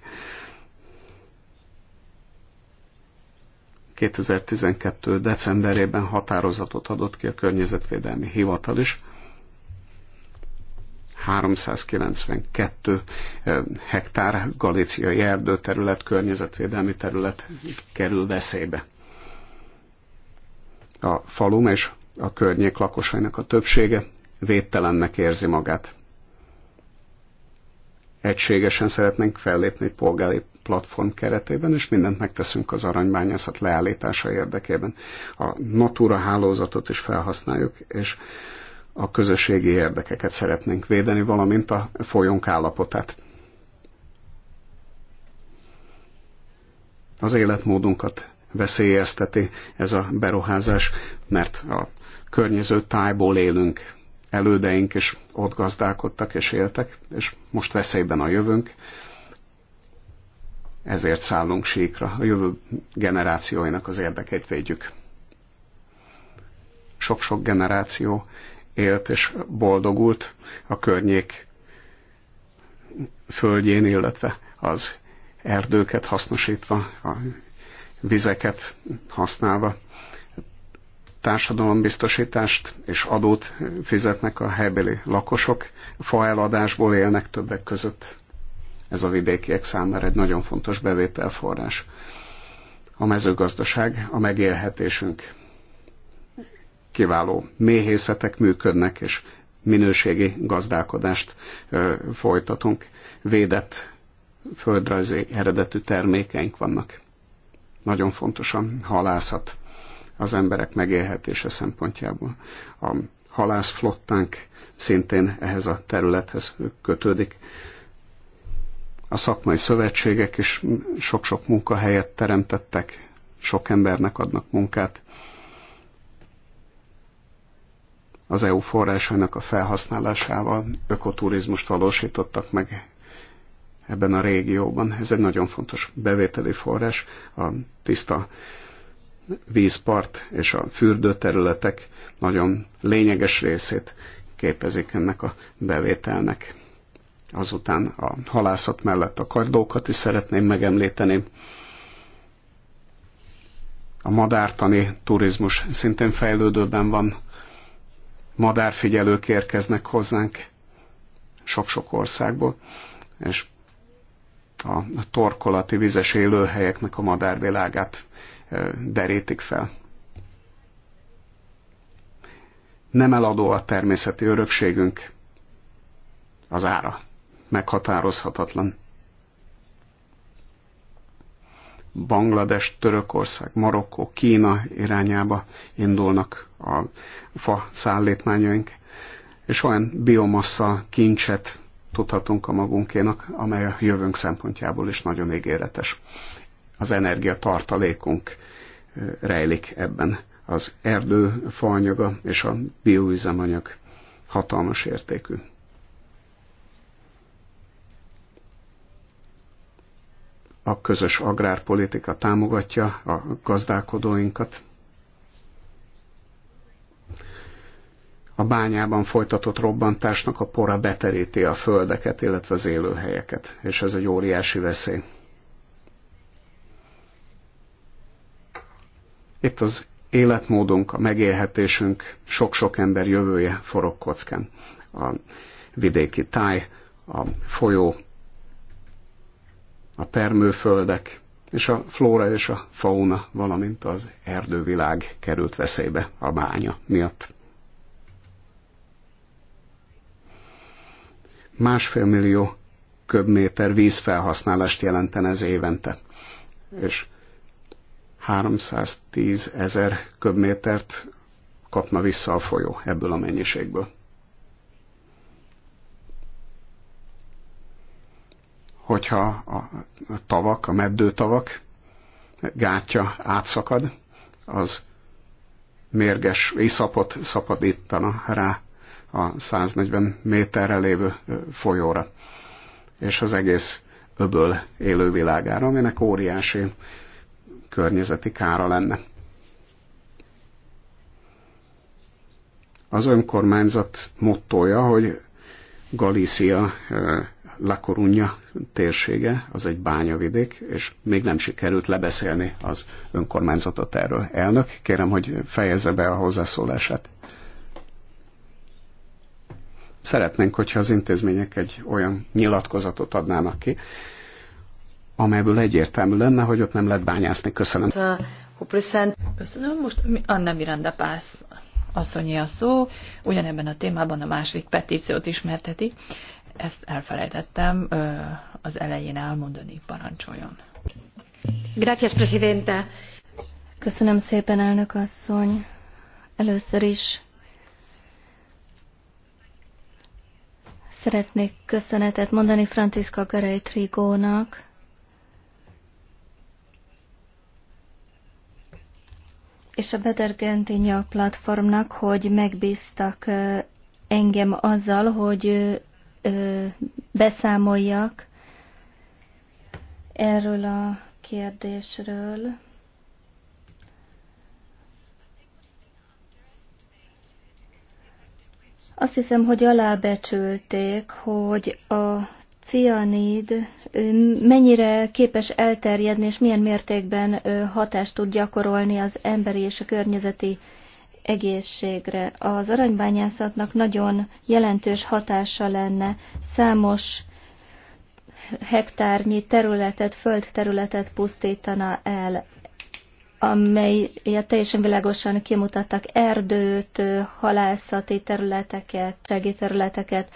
2012. decemberében határozatot adott ki a Környezetvédelmi Hivatal is. 392 eh, hektár galíciai erdőterület, környezetvédelmi terület kerül veszélybe. A falum és a környék lakosainak a többsége védtelennek érzi magát. Egységesen szeretnénk fellépni egy polgári platform keretében, és mindent megteszünk az aranybányászat leállítása érdekében. A Natura hálózatot is felhasználjuk, és a közösségi érdekeket szeretnénk védeni, valamint a folyónk állapotát. Az életmódunkat veszélyezteti ez a beruházás, mert a környező tájból élünk, elődeink is ott gazdálkodtak és éltek, és most veszélyben a jövőnk, ezért szállunk síkra, a jövő generációinak az érdekeit védjük. Sok-sok generáció élt és boldogult a környék földjén, illetve az erdőket hasznosítva, a vizeket használva, társadalombiztosítást és adót fizetnek a helybeli lakosok, faeladásból élnek többek között. Ez a vidékiek számára egy nagyon fontos bevételforrás. A mezőgazdaság a megélhetésünk kiváló méhészetek működnek, és minőségi gazdálkodást ö, folytatunk. Védett földrajzi eredetű termékeink vannak. Nagyon fontos a halászat az emberek megélhetése szempontjából. A halászflottánk szintén ehhez a területhez kötődik. A szakmai szövetségek is sok-sok munkahelyet teremtettek, sok embernek adnak munkát. Az EU forrásainak a felhasználásával ökoturizmust valósítottak meg ebben a régióban. Ez egy nagyon fontos bevételi forrás, a tiszta vízpart és a fürdőterületek nagyon lényeges részét képezik ennek a bevételnek. Azután a halászat mellett a kardókat is szeretném megemlíteni. A madártani turizmus szintén fejlődőben van. Madárfigyelők érkeznek hozzánk sok-sok országból, és a torkolati vizes élőhelyeknek a madárvilágát derítik fel. Nem eladó a természeti örökségünk, az ára meghatározhatatlan. Banglades, Törökország, Marokkó, Kína irányába indulnak a fa szállítmányaink, és olyan biomassa kincset tudhatunk a magunkénak, amely a jövőnk szempontjából is nagyon ígéretes az energiatartalékunk rejlik ebben. Az erdő faanyaga és a bioüzemanyag hatalmas értékű. A közös agrárpolitika támogatja a gazdálkodóinkat. A bányában folytatott robbantásnak a pora beteríti a földeket, illetve az élőhelyeket, és ez egy óriási veszély. Itt az életmódunk, a megélhetésünk, sok-sok ember jövője forog kockán. A vidéki táj, a folyó, a termőföldek, és a flóra és a fauna, valamint az erdővilág került veszélybe a bánya miatt. Másfél millió köbméter vízfelhasználást jelenten ez évente, és 310 ezer köbmétert kapna vissza a folyó ebből a mennyiségből. Hogyha a tavak, a meddőtavak gátja átszakad, az mérges iszapot szapadítana rá a 140 méterre lévő folyóra, és az egész öböl élővilágára, aminek óriási környezeti kára lenne. Az önkormányzat mottoja, hogy Galícia La térsége, az egy bányavidék, és még nem sikerült lebeszélni az önkormányzatot erről. Elnök, kérem, hogy fejezze be a hozzászólását. Szeretnénk, hogyha az intézmények egy olyan nyilatkozatot adnának ki, amelyből egyértelmű lenne, hogy ott nem lehet bányászni. Köszönöm. Köszönöm. Most Anna Miranda Pász asszonyi a szó. Ugyanebben a témában a második petíciót ismerteti. Ezt elfelejtettem az elején elmondani. Parancsoljon. Gracias, Presidenta. Köszönöm szépen, elnök asszony. Először is szeretnék köszönetet mondani Francisco Garay Trigónak, és a Better Gentinia platformnak, hogy megbíztak engem azzal, hogy beszámoljak erről a kérdésről. Azt hiszem, hogy alábecsülték, hogy a cianid mennyire képes elterjedni, és milyen mértékben hatást tud gyakorolni az emberi és a környezeti egészségre. Az aranybányászatnak nagyon jelentős hatása lenne számos hektárnyi területet, földterületet pusztítana el, amelyet teljesen világosan kimutattak erdőt, halászati területeket, regi területeket,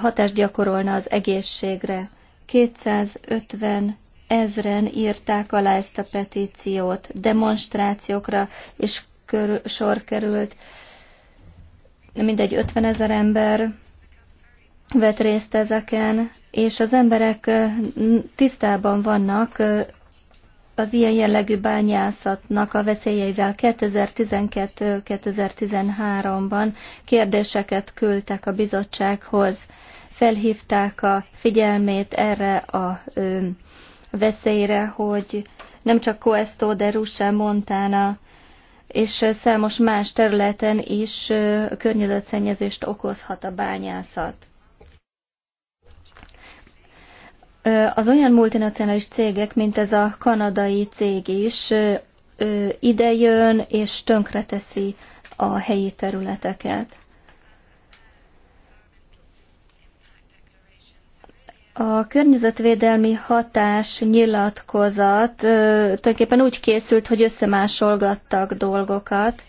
hatást gyakorolna az egészségre. 250 ezren írták alá ezt a petíciót, demonstrációkra is körül, sor került, mindegy 50 ezer ember vett részt ezeken, és az emberek tisztában vannak az ilyen jellegű bányászatnak a veszélyeivel 2012-2013-ban kérdéseket küldtek a bizottsághoz. Felhívták a figyelmét erre a ö, veszélyre, hogy nem csak Coesto, de Russe, Montana és számos más területen is környezetszennyezést okozhat a bányászat. Az olyan multinacionális cégek, mint ez a kanadai cég is idejön és tönkreteszi a helyi területeket. A környezetvédelmi hatás nyilatkozat tulajdonképpen úgy készült, hogy összemásolgattak dolgokat,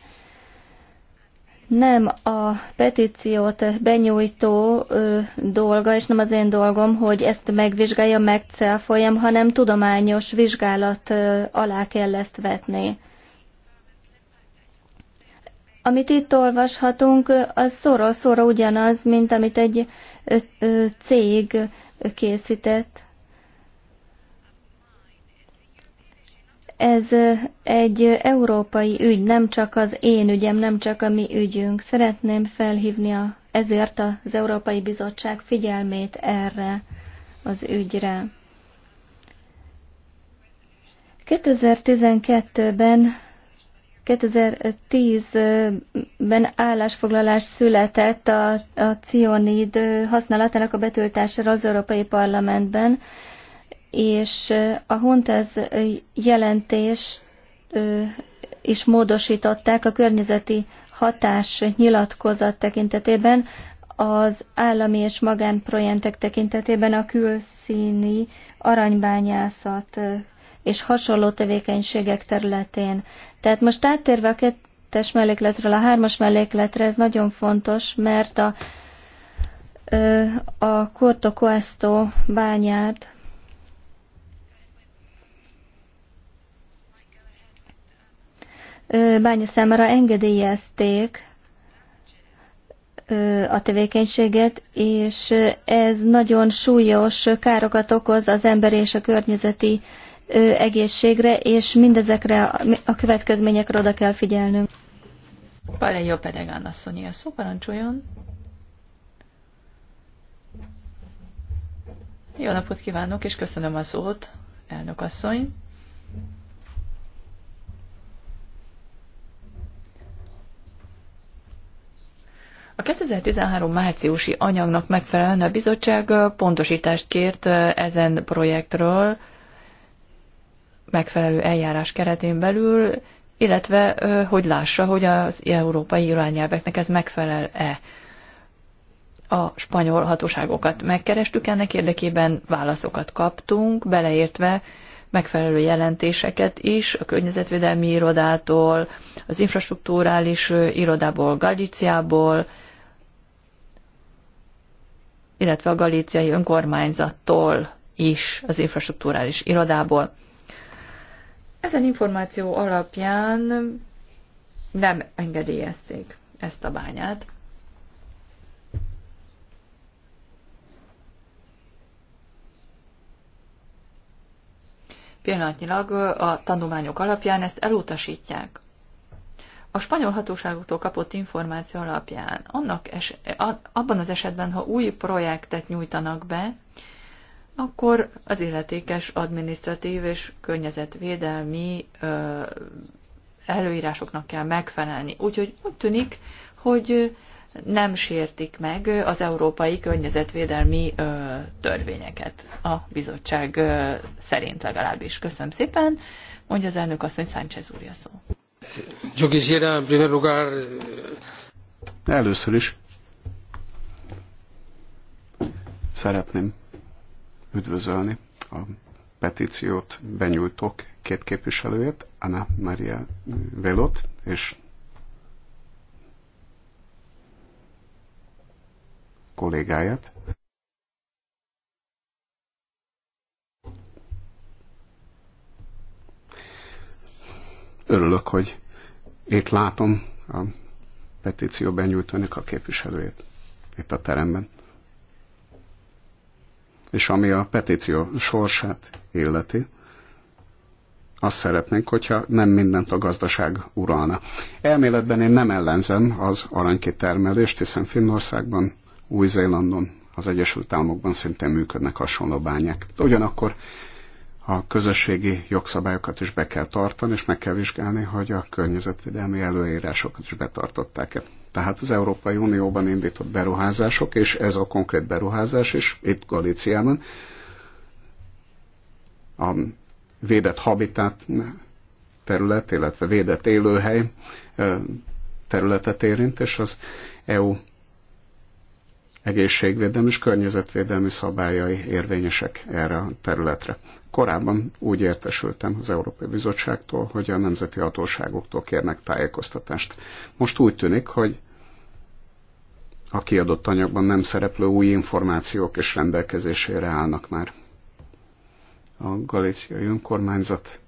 nem a petíciót benyújtó ö, dolga, és nem az én dolgom, hogy ezt megvizsgálja, megcelfoljam, hanem tudományos vizsgálat ö, alá kell ezt vetni. Amit itt olvashatunk, az szóról szóra ugyanaz, mint amit egy ö, ö, cég készített. ez egy európai ügy, nem csak az én ügyem, nem csak a mi ügyünk. Szeretném felhívni a, ezért az Európai Bizottság figyelmét erre az ügyre. 2012-ben 2010-ben állásfoglalás született a, a cionid használatának a betöltására az Európai Parlamentben és a ez jelentés is módosították a környezeti hatás nyilatkozat tekintetében, az állami és magánprojektek tekintetében a külszíni aranybányászat és hasonló tevékenységek területén. Tehát most áttérve a kettes mellékletről a hármas mellékletre, ez nagyon fontos, mert a, a Corto Coesto bányát bánya számára engedélyezték a tevékenységet, és ez nagyon súlyos károkat okoz az ember és a környezeti egészségre, és mindezekre a következményekre oda kell figyelnünk. jó pedagán asszonyi a szó, parancsoljon. Jó napot kívánok, és köszönöm a szót, elnök asszony. A 2013 márciusi anyagnak megfelelően a bizottság pontosítást kért ezen projektről megfelelő eljárás keretén belül, illetve hogy lássa, hogy az európai irányelveknek ez megfelel-e. A spanyol hatóságokat megkerestük ennek érdekében, válaszokat kaptunk, beleértve megfelelő jelentéseket is a környezetvédelmi irodától, az infrastruktúrális irodából, Galiciából, illetve a galíciai önkormányzattól is, az infrastruktúrális irodából. Ezen információ alapján nem engedélyezték ezt a bányát. Pillanatnyilag a tanulmányok alapján ezt elutasítják a spanyol hatóságoktól kapott információ alapján, annak es, abban az esetben, ha új projektet nyújtanak be, akkor az illetékes adminisztratív és környezetvédelmi ö, előírásoknak kell megfelelni. Úgyhogy úgy tűnik, hogy nem sértik meg az európai környezetvédelmi ö, törvényeket a bizottság ö, szerint legalábbis. Köszönöm szépen, mondja az elnök asszony Sánchez úr szó. Eh, Először is szeretném üdvözölni a petíciót benyújtók két képviselőjét, Anna Maria Velot és kollégáját. Örülök, hogy itt látom a petíció benyújtónak a képviselőjét itt a teremben. És ami a petíció sorsát illeti, azt szeretnénk, hogyha nem mindent a gazdaság uralna. Elméletben én nem ellenzem az aranykitermelést, hiszen Finnországban, Új-Zélandon, az Egyesült Államokban szintén működnek hasonló bányák. Ugyanakkor a közösségi jogszabályokat is be kell tartani, és meg kell vizsgálni, hogy a környezetvédelmi előírásokat is betartották-e. Tehát az Európai Unióban indított beruházások, és ez a konkrét beruházás is itt Galíciában a védett habitat terület, illetve védett élőhely területet érint, és az EU egészségvédelmi és környezetvédelmi szabályai érvényesek erre a területre. Korábban úgy értesültem az Európai Bizottságtól, hogy a nemzeti hatóságoktól kérnek tájékoztatást. Most úgy tűnik, hogy a kiadott anyagban nem szereplő új információk és rendelkezésére állnak már. A Galíciai önkormányzat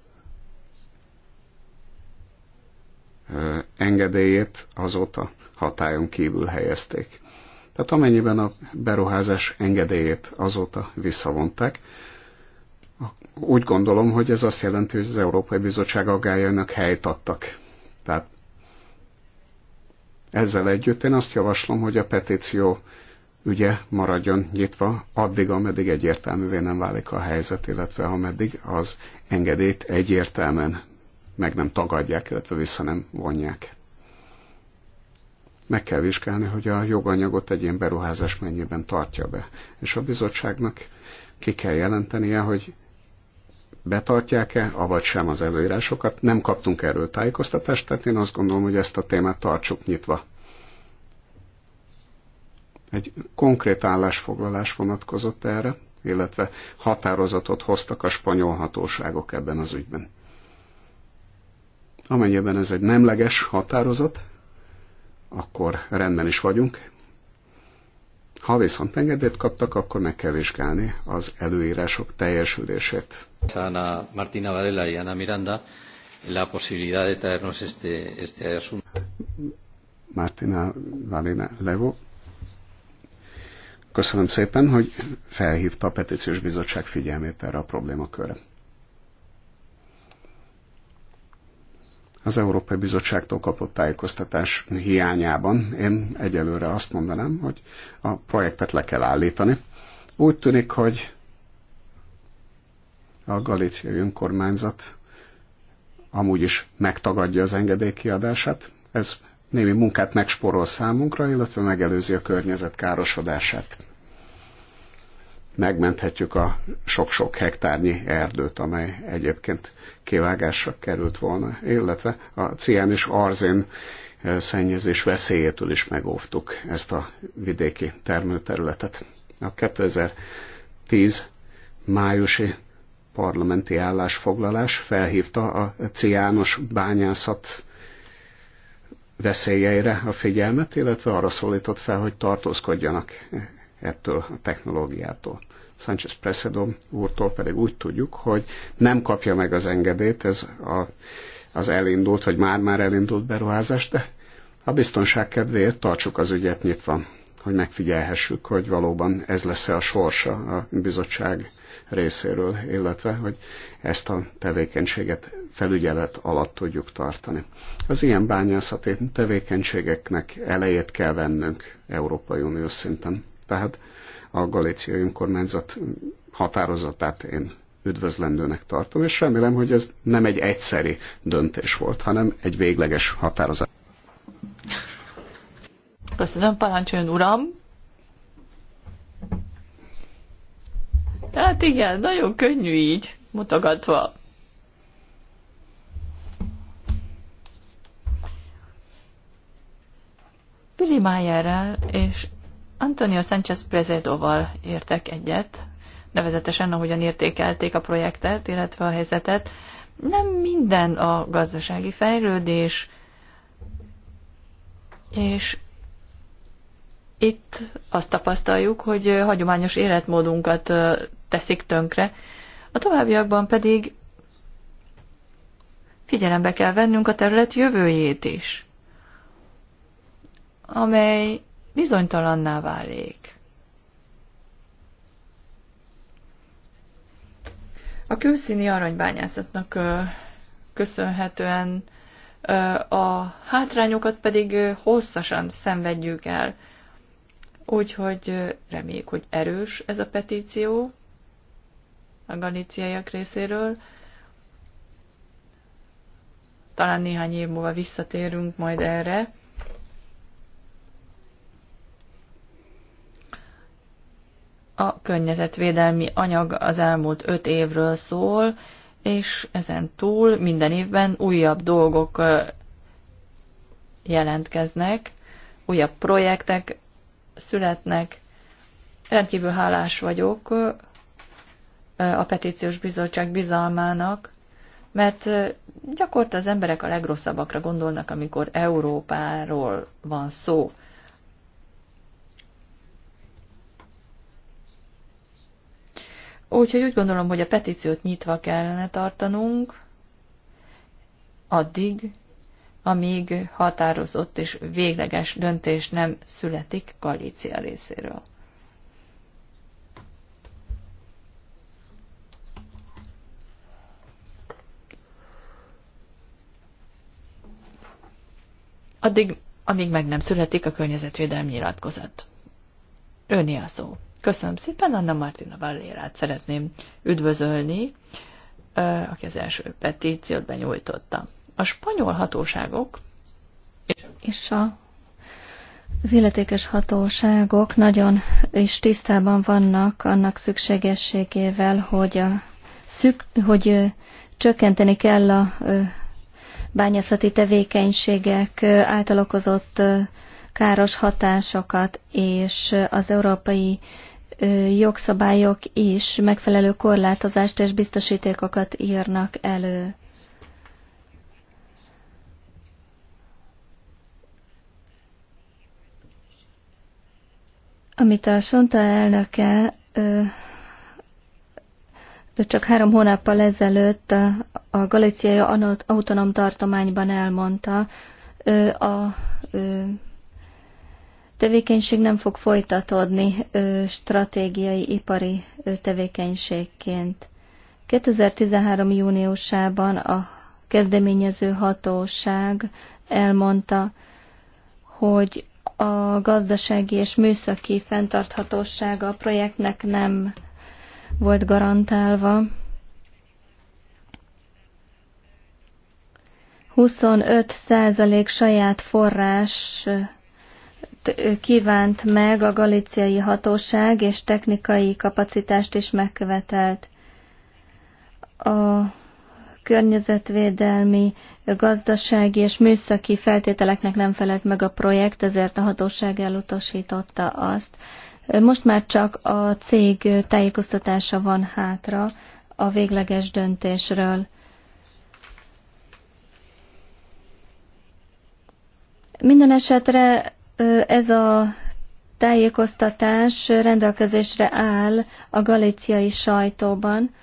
engedélyét azóta hatályon kívül helyezték tehát amennyiben a beruházás engedélyét azóta visszavonták, úgy gondolom, hogy ez azt jelenti, hogy az Európai Bizottság aggájainak helyt adtak. Tehát ezzel együtt én azt javaslom, hogy a petíció ügye maradjon nyitva addig, ameddig egyértelművé nem válik a helyzet, illetve ameddig az engedélyt egyértelműen meg nem tagadják, illetve vissza nem vonják meg kell vizsgálni, hogy a joganyagot egy ilyen beruházás mennyiben tartja be. És a bizottságnak ki kell jelentenie, hogy betartják-e, avagy sem az előírásokat. Nem kaptunk erről tájékoztatást, tehát én azt gondolom, hogy ezt a témát tartsuk nyitva. Egy konkrét állásfoglalás vonatkozott erre, illetve határozatot hoztak a spanyol hatóságok ebben az ügyben. Amennyiben ez egy nemleges határozat, akkor rendben is vagyunk. Ha viszont engedélyt kaptak, akkor meg kell vizsgálni az előírások teljesülését. Ana Martina Varela y Ana Miranda la posibilidad de traernos este, este asunto. Martina Valina Levo. Köszönöm szépen, hogy felhívta a petíciós bizottság figyelmét erre a problémakörre. az Európai Bizottságtól kapott tájékoztatás hiányában én egyelőre azt mondanám, hogy a projektet le kell állítani. Úgy tűnik, hogy a galíciai önkormányzat amúgy is megtagadja az engedélykiadását. Ez némi munkát megsporol számunkra, illetve megelőzi a környezet károsodását. Megmenthetjük a sok-sok hektárnyi erdőt, amely egyébként kivágásra került volna, illetve a cián és arzén eh, szennyezés veszélyétől is megóvtuk ezt a vidéki termőterületet. A 2010 májusi parlamenti állásfoglalás felhívta a ciános bányászat veszélyeire a figyelmet, illetve arra szólított fel, hogy tartózkodjanak eh, ettől a technológiától. Sánchez Presedo úrtól pedig úgy tudjuk, hogy nem kapja meg az engedélyt, ez a, az elindult, vagy már-már elindult beruházást, de a biztonság kedvéért tartsuk az ügyet nyitva, hogy megfigyelhessük, hogy valóban ez lesz-e a sorsa a bizottság részéről, illetve hogy ezt a tevékenységet felügyelet alatt tudjuk tartani. Az ilyen bányászati tevékenységeknek elejét kell vennünk Európai Unió szinten. Tehát a galíciai önkormányzat határozatát én üdvözlendőnek tartom, és remélem, hogy ez nem egy egyszeri döntés volt, hanem egy végleges határozat. Köszönöm, parancsoljon, uram! Hát igen, nagyon könnyű így, mutogatva. Billy Mayerrel és Antonio Sánchez Prezedoval értek egyet, nevezetesen ahogyan értékelték a projektet, illetve a helyzetet. Nem minden a gazdasági fejlődés, és itt azt tapasztaljuk, hogy hagyományos életmódunkat teszik tönkre, a továbbiakban pedig figyelembe kell vennünk a terület jövőjét is, amely bizonytalanná válik. A külszíni aranybányászatnak köszönhetően a hátrányokat pedig hosszasan szenvedjük el. Úgyhogy reméljük, hogy erős ez a petíció a galíciaiak részéről. Talán néhány év múlva visszatérünk majd erre. a környezetvédelmi anyag az elmúlt öt évről szól, és ezen túl minden évben újabb dolgok jelentkeznek, újabb projektek születnek. Rendkívül hálás vagyok a petíciós bizottság bizalmának, mert gyakorta az emberek a legrosszabbakra gondolnak, amikor Európáról van szó. Úgyhogy úgy gondolom, hogy a petíciót nyitva kellene tartanunk addig, amíg határozott és végleges döntés nem születik Galícia részéről. Addig, amíg meg nem születik a környezetvédelmi nyilatkozat. Önni a szó. Köszönöm szépen, Anna Martina Vallérát szeretném üdvözölni, aki az első petíciót benyújtotta. A spanyol hatóságok és a az illetékes hatóságok nagyon is tisztában vannak annak szükségességével, hogy, a, szük, hogy csökkenteni kell a bányászati tevékenységek által okozott káros hatásokat, és az európai jogszabályok is megfelelő korlátozást és biztosítékokat írnak elő. Amit a Sonta elnöke de csak három hónappal ezelőtt a galiciai autonóm tartományban elmondta, a tevékenység nem fog folytatódni stratégiai ipari tevékenységként. 2013. júniusában a kezdeményező hatóság elmondta, hogy a gazdasági és műszaki fenntarthatósága a projektnek nem volt garantálva. 25% saját forrás kívánt meg a galiciai hatóság, és technikai kapacitást is megkövetelt. A környezetvédelmi, gazdasági és műszaki feltételeknek nem felelt meg a projekt, ezért a hatóság elutasította azt. Most már csak a cég tájékoztatása van hátra a végleges döntésről. Minden esetre ez a tájékoztatás rendelkezésre áll a galiciai sajtóban,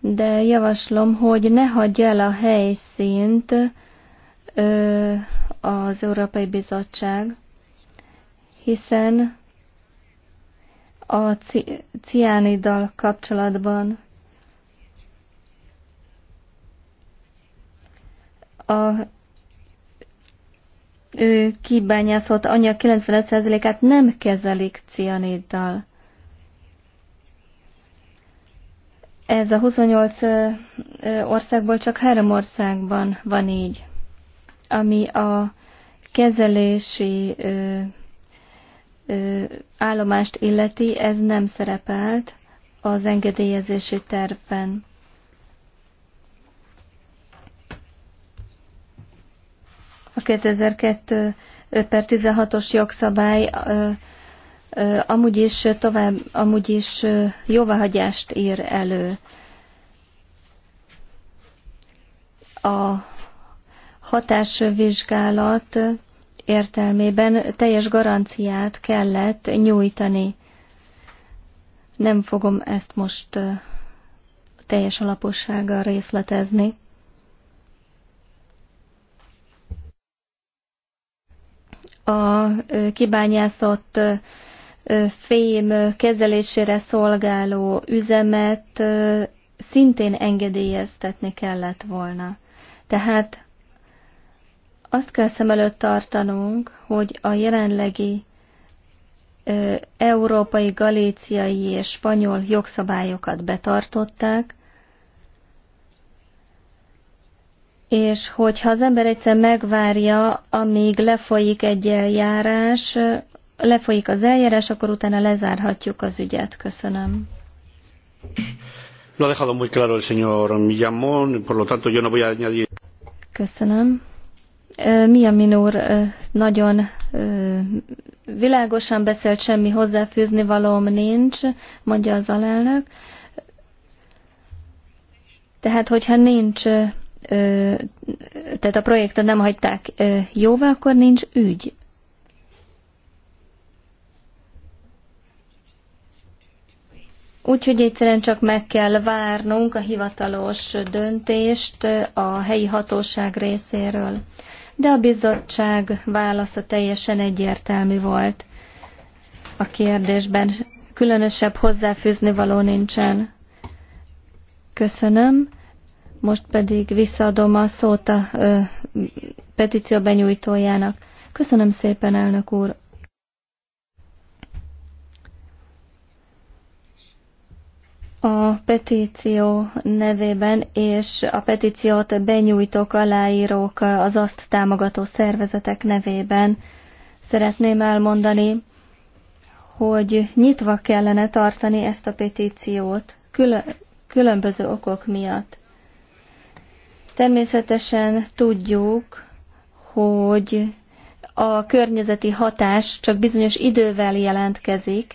de javaslom, hogy ne hagyja el a helyszínt az Európai Bizottság, hiszen a ciániddal kapcsolatban a kibányászott anyag 95%-át nem kezelik cianiddal. Ez a 28 országból csak három országban van így, ami a kezelési állomást illeti, ez nem szerepelt az engedélyezési tervben. 2002 per 16-os jogszabály amúgy is tovább, amúgy is jóváhagyást ír elő. A hatásvizsgálat értelmében teljes garanciát kellett nyújtani. Nem fogom ezt most teljes alapossággal részletezni. a kibányászott fém kezelésére szolgáló üzemet szintén engedélyeztetni kellett volna. Tehát azt kell szem előtt tartanunk, hogy a jelenlegi európai, galéciai és spanyol jogszabályokat betartották, és hogyha az ember egyszer megvárja, amíg lefolyik egy eljárás, lefolyik az eljárás, akkor utána lezárhatjuk az ügyet. Köszönöm. Lo ha dejado muy claro el señor Millamón, por lo tanto yo no voy a añadir. Köszönöm. Miamin úr nagyon világosan beszélt, semmi hozzáfűzni valóm nincs, mondja az alelnök. Tehát, hogyha nincs tehát a projektet nem hagyták jóvá, akkor nincs ügy. Úgyhogy egyszerűen csak meg kell várnunk a hivatalos döntést a helyi hatóság részéről. De a bizottság válasza teljesen egyértelmű volt a kérdésben. Különösebb hozzáfűzni való nincsen. Köszönöm. Most pedig visszaadom a szót a ö, petíció benyújtójának. Köszönöm szépen, elnök úr. A petíció nevében és a petíciót benyújtók, aláírók, az azt támogató szervezetek nevében szeretném elmondani, hogy nyitva kellene tartani ezt a petíciót külön, különböző okok miatt. Természetesen tudjuk, hogy a környezeti hatás csak bizonyos idővel jelentkezik,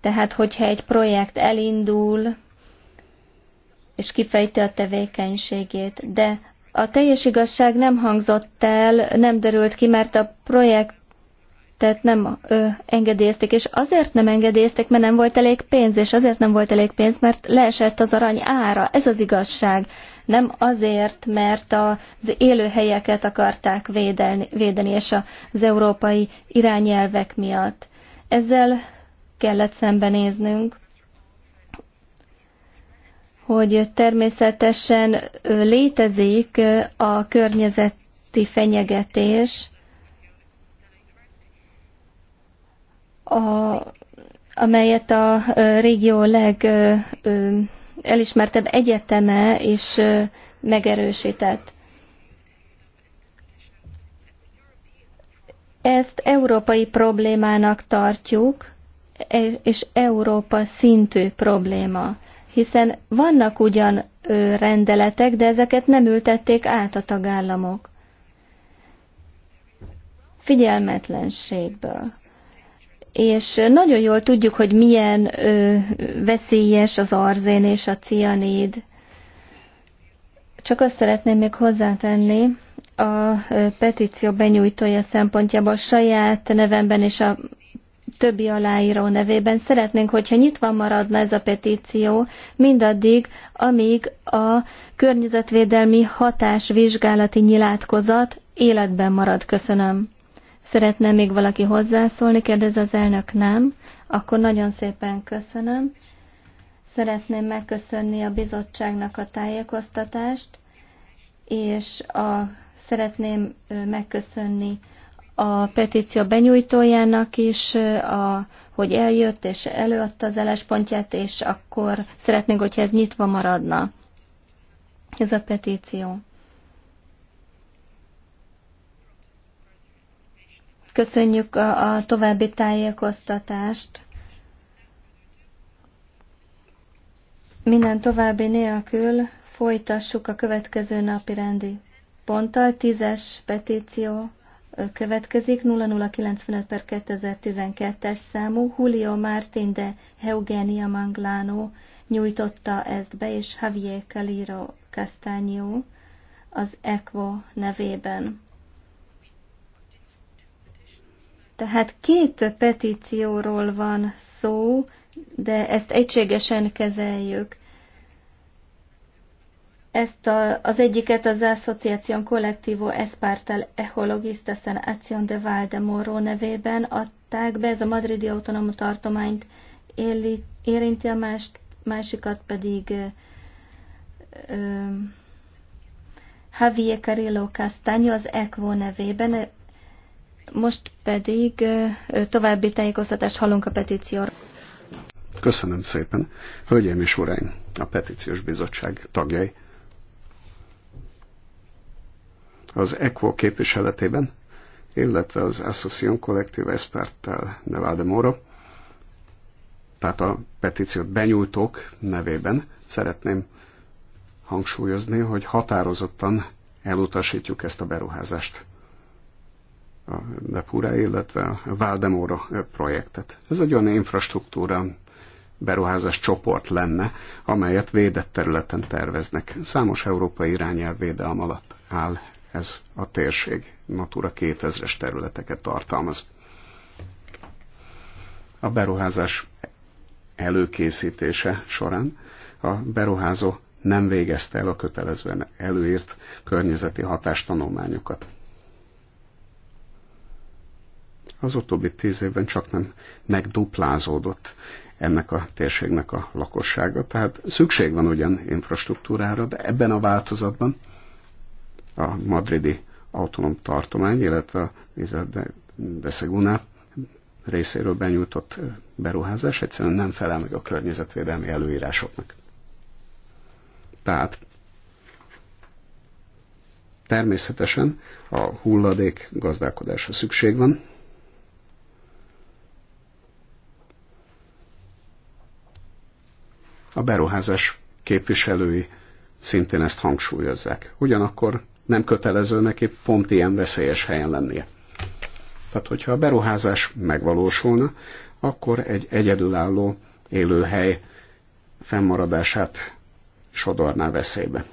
tehát hogyha egy projekt elindul, és kifejti a tevékenységét, de a teljes igazság nem hangzott el, nem derült ki, mert a projekt tehát nem ö, engedélyezték, és azért nem engedélyezték, mert nem volt elég pénz, és azért nem volt elég pénz, mert leesett az arany ára, ez az igazság. Nem azért, mert az élőhelyeket akarták védelni, védeni, és az európai irányelvek miatt. Ezzel kellett szembenéznünk hogy természetesen létezik a környezeti fenyegetés, a, amelyet a régió legelismertebb egyeteme is megerősített. Ezt európai problémának tartjuk, e, és Európa szintű probléma, hiszen vannak ugyan rendeletek, de ezeket nem ültették át a tagállamok. Figyelmetlenségből és nagyon jól tudjuk, hogy milyen ö, veszélyes az arzén és a cianid. Csak azt szeretném még hozzátenni, a petíció benyújtója szempontjából saját nevemben és a többi aláíró nevében szeretnénk, hogyha nyitva maradna ez a petíció, mindaddig, amíg a környezetvédelmi hatásvizsgálati nyilatkozat életben marad. Köszönöm. Szeretne még valaki hozzászólni? Kérdez az elnök, nem? Akkor nagyon szépen köszönöm. Szeretném megköszönni a bizottságnak a tájékoztatást, és a, szeretném megköszönni a petíció benyújtójának is, a, hogy eljött és előadta az álláspontját, és akkor szeretnénk, hogyha ez nyitva maradna. Ez a petíció. Köszönjük a, a további tájékoztatást. Minden további nélkül folytassuk a következő napi rendi ponttal. Tízes petíció következik, 0095 per 2012-es számú. Julio Martin de Eugenia Manglano nyújtotta ezt be, és Javier Caliro Castanio az Equo nevében. Tehát két petícióról van szó, de ezt egységesen kezeljük. Ezt a, az egyiket az Associación Collectivo Espartel Ecologista San Acción de Valdemoro nevében adták be, ez a madridi autonóm tartományt éli, érinti, a más, másikat pedig ö, ö, Javier Carillo Castaño az ECVO nevében, most pedig további tájékoztatást hallunk a petícióra. Köszönöm szépen. Hölgyeim és uraim, a petíciós bizottság tagjai. Az ECO képviseletében, illetve az Association Collective Espertel Nevada Moro, tehát a petíciót benyújtók nevében szeretném hangsúlyozni, hogy határozottan elutasítjuk ezt a beruházást a Depura, illetve a Valdemora projektet. Ez egy olyan infrastruktúra beruházás csoport lenne, amelyet védett területen terveznek. Számos európai irányelv védelm alatt áll ez a térség. Natura 2000-es területeket tartalmaz. A beruházás előkészítése során a beruházó nem végezte el a kötelezően előírt környezeti hatástanulmányokat az utóbbi tíz évben csak nem megduplázódott ennek a térségnek a lakossága. Tehát szükség van ugyan infrastruktúrára, de ebben a változatban a madridi autonóm tartomány, illetve a de részéről benyújtott beruházás egyszerűen nem felel meg a környezetvédelmi előírásoknak. Tehát természetesen a hulladék gazdálkodásra szükség van, A beruházás képviselői szintén ezt hangsúlyozzák. Ugyanakkor nem kötelező neki pont ilyen veszélyes helyen lennie. Tehát, hogyha a beruházás megvalósulna, akkor egy egyedülálló élőhely fennmaradását sodorná veszélybe.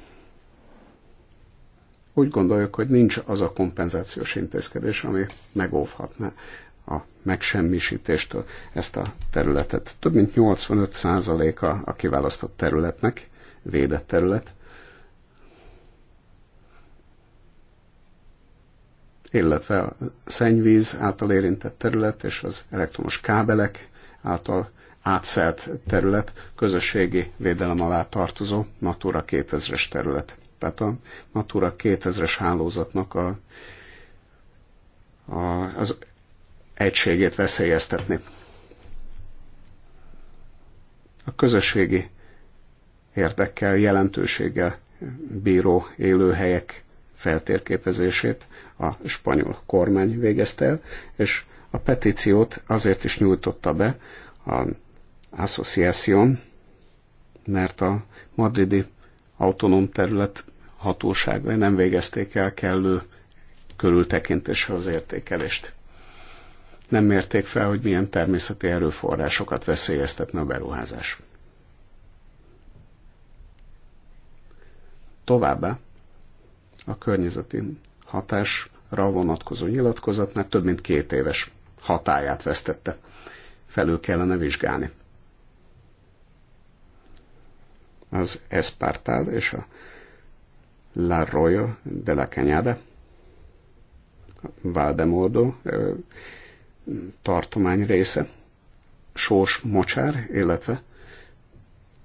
Úgy gondoljuk, hogy nincs az a kompenzációs intézkedés, ami megóvhatná a megsemmisítéstől ezt a területet. Több mint 85%-a a kiválasztott területnek, védett terület, illetve a szennyvíz által érintett terület és az elektromos kábelek által átszelt terület közösségi védelem alá tartozó Natura 2000-es terület. Tehát a Natura 2000-es hálózatnak a, a, az egységét veszélyeztetni. A közösségi érdekkel, jelentőséggel bíró élőhelyek feltérképezését a spanyol kormány végezte el, és a petíciót azért is nyújtotta be a Association, mert a madridi autonóm terület hatóságai nem végezték el kellő körültekintésre az értékelést nem mérték fel, hogy milyen természeti erőforrásokat veszélyeztetne a beruházás. Továbbá a környezeti hatásra vonatkozó nyilatkozatnak több mint két éves hatáját vesztette. Felül kellene vizsgálni. Az Espartal és a La Royo de la Cañada, Valdemoldo tartomány része. Sós mocsár, illetve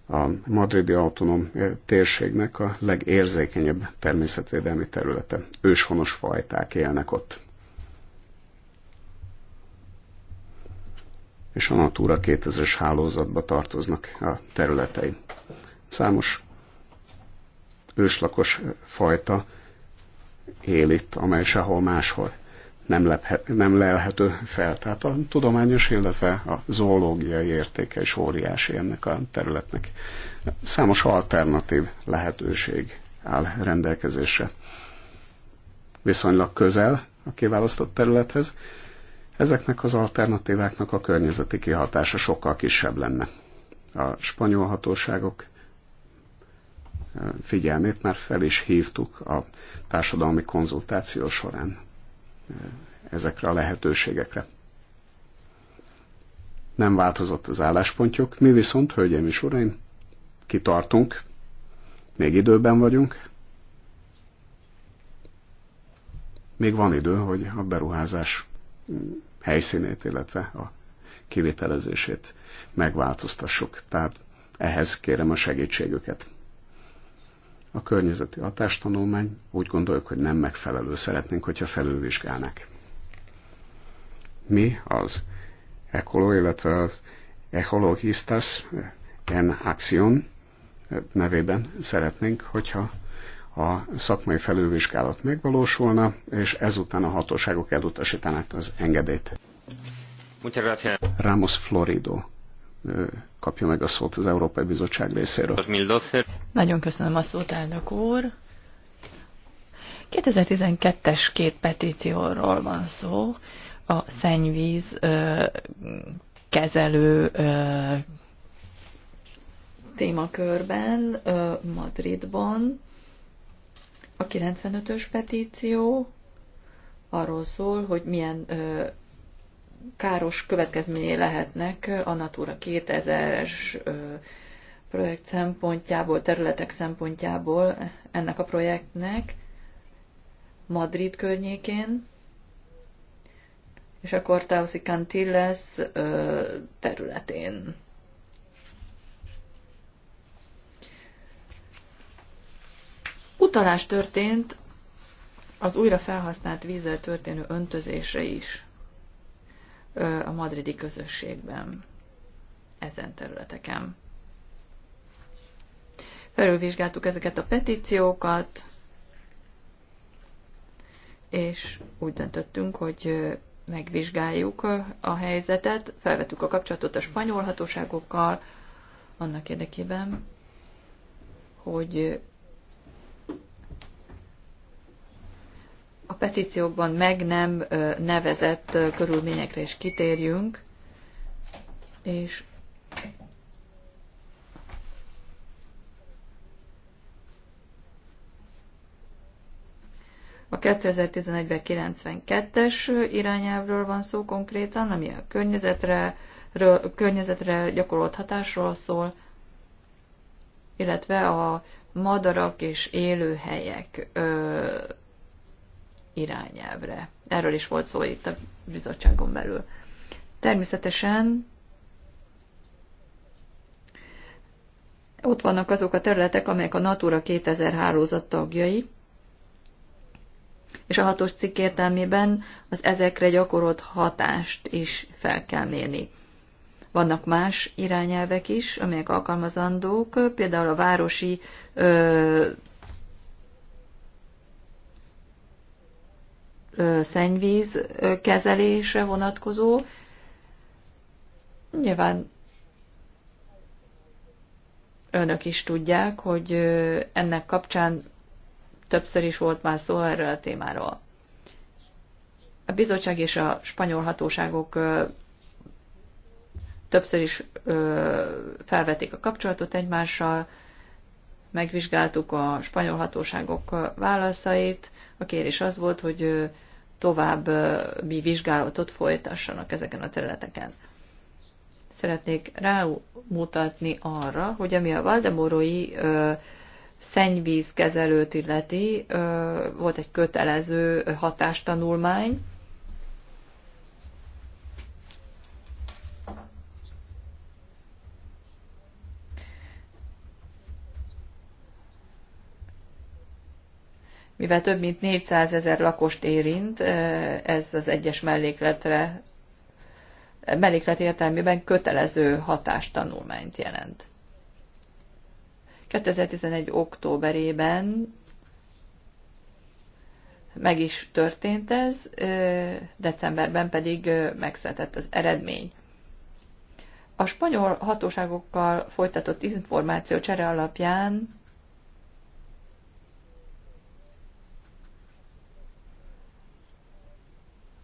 a madridi autonóm térségnek a legérzékenyebb természetvédelmi területe. Őshonos fajták élnek ott. És a Natura 2000-es hálózatba tartoznak a területei. Számos őslakos fajta él itt, amely sehol máshol nem, lephe, nem lelhető fel. Tehát a tudományos, illetve a zoológiai értéke is óriási ennek a területnek. Számos alternatív lehetőség áll rendelkezésre. Viszonylag közel a kiválasztott területhez, ezeknek az alternatíváknak a környezeti kihatása sokkal kisebb lenne. A spanyol hatóságok eh, figyelmét már fel is hívtuk a társadalmi konzultáció során ezekre a lehetőségekre. Nem változott az álláspontjuk, mi viszont, hölgyeim és uraim, kitartunk, még időben vagyunk, még van idő, hogy a beruházás helyszínét, illetve a kivitelezését megváltoztassuk. Tehát ehhez kérem a segítségüket a környezeti hatástanulmány úgy gondoljuk, hogy nem megfelelő. Szeretnénk, hogyha felülvizsgálnak. Mi az Ecolo, illetve az Ecologistas en Action nevében szeretnénk, hogyha a szakmai felülvizsgálat megvalósulna, és ezután a hatóságok elutasítanák az engedélyt. Ramos Florido kapja meg a szót az Európai Bizottság részéről. Nagyon köszönöm a szót, elnök úr. 2012-es két petícióról van szó, a szennyvíz ö, kezelő ö, témakörben ö, Madridban. A 95-ös petíció arról szól, hogy milyen ö, káros következményei lehetnek a Natura 2000-es projekt szempontjából, területek szempontjából ennek a projektnek Madrid környékén, és a Cortaus Cantilles területén. Utalás történt az újra felhasznált vízzel történő öntözésre is a madridi közösségben ezen területeken. Felülvizsgáltuk ezeket a petíciókat, és úgy döntöttünk, hogy megvizsgáljuk a helyzetet, felvettük a kapcsolatot a spanyol hatóságokkal, annak érdekében, hogy petíciókban meg nem nevezett körülményekre is kitérjünk, és A 2011-ben 92-es irányelvről van szó konkrétan, ami a környezetre, környezetre gyakorolt hatásról szól, illetve a madarak és élőhelyek irányelvre. Erről is volt szó itt a bizottságon belül. Természetesen ott vannak azok a területek, amelyek a Natura 2000 hálózat tagjai, és a hatos cikk értelmében az ezekre gyakorolt hatást is fel kell mérni. Vannak más irányelvek is, amelyek alkalmazandók, például a városi ö, szennyvíz kezelése vonatkozó. Nyilván önök is tudják, hogy ennek kapcsán többször is volt már szó erről a témáról. A bizottság és a spanyol hatóságok többször is felvetik a kapcsolatot egymással, megvizsgáltuk a spanyol hatóságok válaszait. A kérés az volt, hogy további vizsgálatot folytassanak ezeken a területeken. Szeretnék rámutatni arra, hogy ami a Valdemorói szennyvízkezelőt illeti, volt egy kötelező hatástanulmány, mivel több mint 400 ezer lakost érint, ez az egyes mellékletre, melléklet értelmében kötelező hatástanulmányt jelent. 2011. októberében meg is történt ez, decemberben pedig megszületett az eredmény. A spanyol hatóságokkal folytatott csere alapján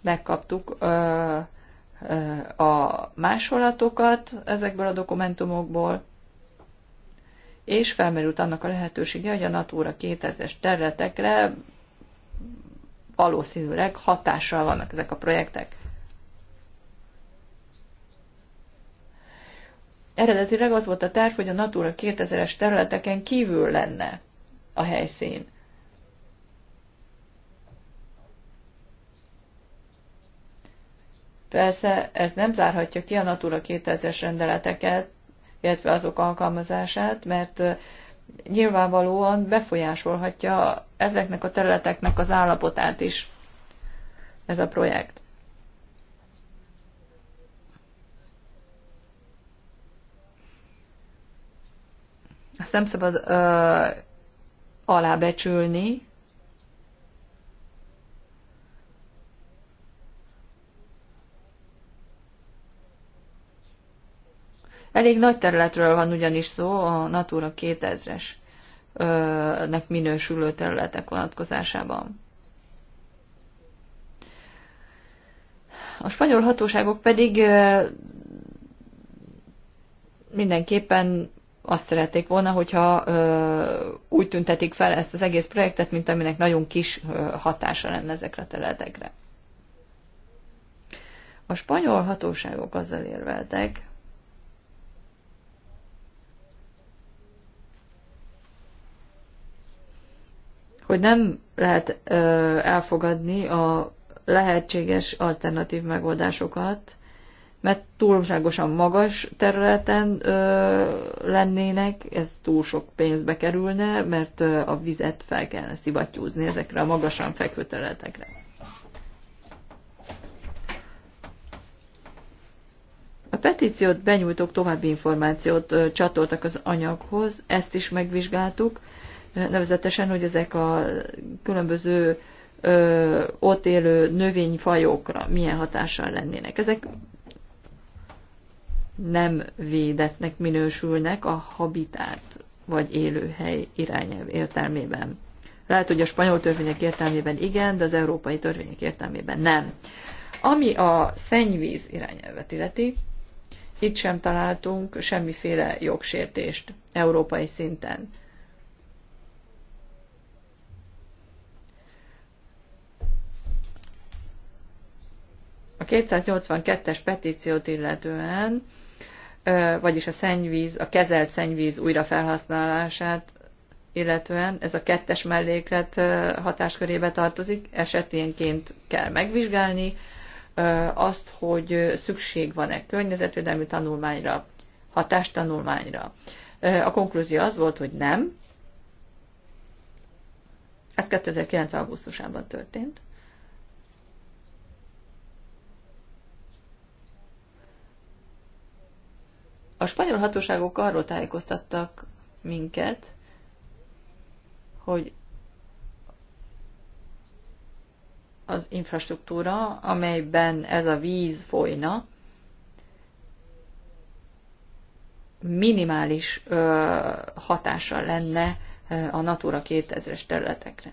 megkaptuk a másolatokat ezekből a dokumentumokból, és felmerült annak a lehetősége, hogy a Natura 2000-es területekre valószínűleg hatással vannak ezek a projektek. Eredetileg az volt a terv, hogy a Natura 2000-es területeken kívül lenne a helyszín. Persze ez nem zárhatja ki a Natura 2000-es rendeleteket, illetve azok alkalmazását, mert nyilvánvalóan befolyásolhatja ezeknek a területeknek az állapotát is ez a projekt. Azt nem szabad ö, alábecsülni, Elég nagy területről van ugyanis szó a Natura 2000-es nek minősülő területek vonatkozásában. A spanyol hatóságok pedig mindenképpen azt szerették volna, hogyha úgy tüntetik fel ezt az egész projektet, mint aminek nagyon kis hatása lenne ezekre a területekre. A spanyol hatóságok azzal érveltek, hogy nem lehet ö, elfogadni a lehetséges alternatív megoldásokat, mert túlságosan magas területen ö, lennének, ez túl sok pénzbe kerülne, mert ö, a vizet fel kellene szivattyúzni ezekre a magasan fekvő területekre. A petíciót benyújtók további információt ö, csatoltak az anyaghoz, ezt is megvizsgáltuk, nevezetesen, hogy ezek a különböző ö, ott élő növényfajokra milyen hatással lennének. Ezek nem védetnek minősülnek a habitát vagy élőhely irányelv értelmében. Lehet, hogy a spanyol törvények értelmében igen, de az európai törvények értelmében nem. Ami a szennyvíz irányelvet illeti, itt sem találtunk semmiféle jogsértést európai szinten. A 282-es petíciót illetően, vagyis a szennyvíz, a kezelt szennyvíz újrafelhasználását illetően ez a kettes melléklet hatáskörébe tartozik, eseténként kell megvizsgálni azt, hogy szükség van-e környezetvédelmi tanulmányra, hatástanulmányra. A konklúzió az volt, hogy nem. Ez 2009. augusztusában történt. A spanyol hatóságok arról tájékoztattak minket, hogy az infrastruktúra, amelyben ez a víz folyna, minimális ö, hatása lenne a Natura 2000-es területekre.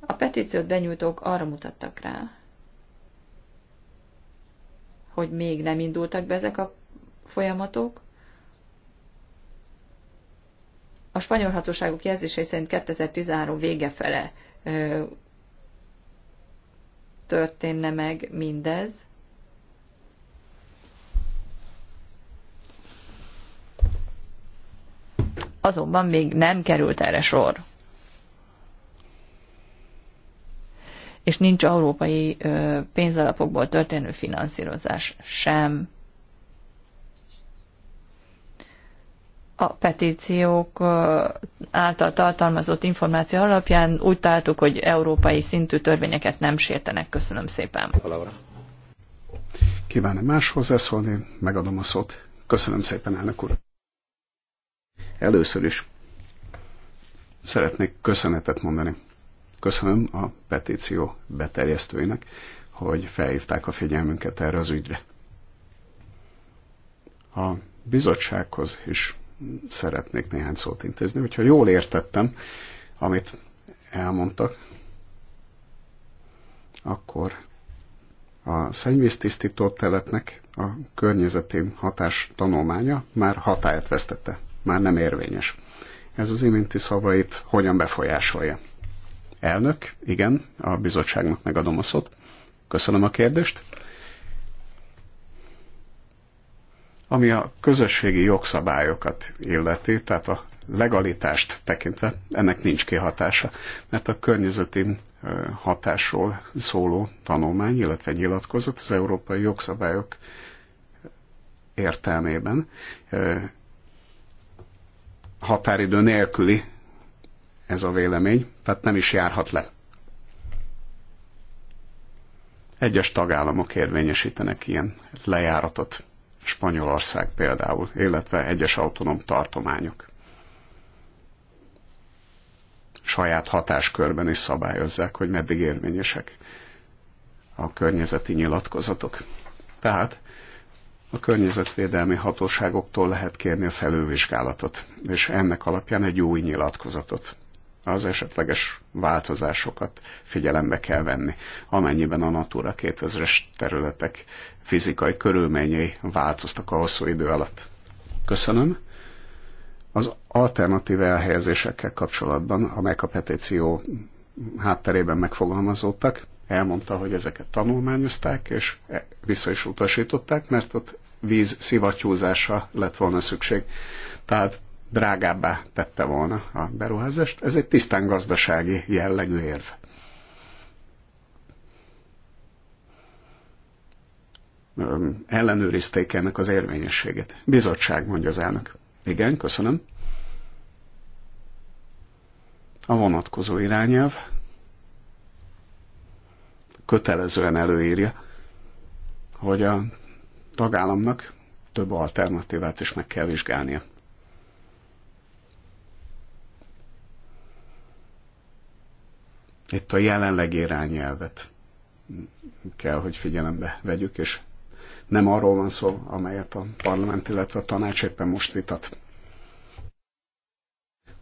A petíciót benyújtók arra mutattak rá, hogy még nem indultak be ezek a folyamatok. A spanyol hatóságok jelzései szerint 2013 vége fele történne meg mindez. Azonban még nem került erre sor. és nincs európai pénzalapokból történő finanszírozás sem. A petíciók által tartalmazott információ alapján úgy találtuk, hogy európai szintű törvényeket nem sértenek. Köszönöm szépen. Kívánom más hozzászólni, megadom a szót. Köszönöm szépen, elnök úr. Először is szeretnék köszönetet mondani Köszönöm a petíció beterjesztőinek, hogy felhívták a figyelmünket erre az ügyre. A bizottsághoz is szeretnék néhány szót intézni, hogyha jól értettem, amit elmondtak, akkor a szennyvíztisztító teletnek a környezeti hatás tanulmánya már hatáját vesztette, már nem érvényes. Ez az iminti szavait hogyan befolyásolja? Elnök, igen, a bizottságnak megadom a szót. Köszönöm a kérdést. Ami a közösségi jogszabályokat illeti, tehát a legalitást tekintve, ennek nincs kihatása, mert a környezeti hatásról szóló tanulmány, illetve nyilatkozat az európai jogszabályok értelmében határidő nélküli ez a vélemény, tehát nem is járhat le. Egyes tagállamok érvényesítenek ilyen lejáratot, Spanyolország például, illetve egyes autonóm tartományok. Saját hatáskörben is szabályozzák, hogy meddig érvényesek a környezeti nyilatkozatok. Tehát a környezetvédelmi hatóságoktól lehet kérni a felülvizsgálatot, és ennek alapján egy új nyilatkozatot az esetleges változásokat figyelembe kell venni, amennyiben a Natura 2000-es területek fizikai körülményei változtak a hosszú idő alatt. Köszönöm. Az alternatív elhelyezésekkel kapcsolatban, amelyek a petíció hátterében megfogalmazódtak, elmondta, hogy ezeket tanulmányozták, és e- vissza is utasították, mert ott víz szivattyúzása lett volna szükség. Tehát drágábbá tette volna a beruházást. Ez egy tisztán gazdasági jellegű érv. ellenőrizték ennek az érvényességét. Bizottság, mondja az elnök. Igen, köszönöm. A vonatkozó irányelv kötelezően előírja, hogy a tagállamnak több alternatívát is meg kell vizsgálnia. itt a jelenleg irányelvet kell, hogy figyelembe vegyük, és nem arról van szó, amelyet a parlament, illetve a tanács éppen most vitat.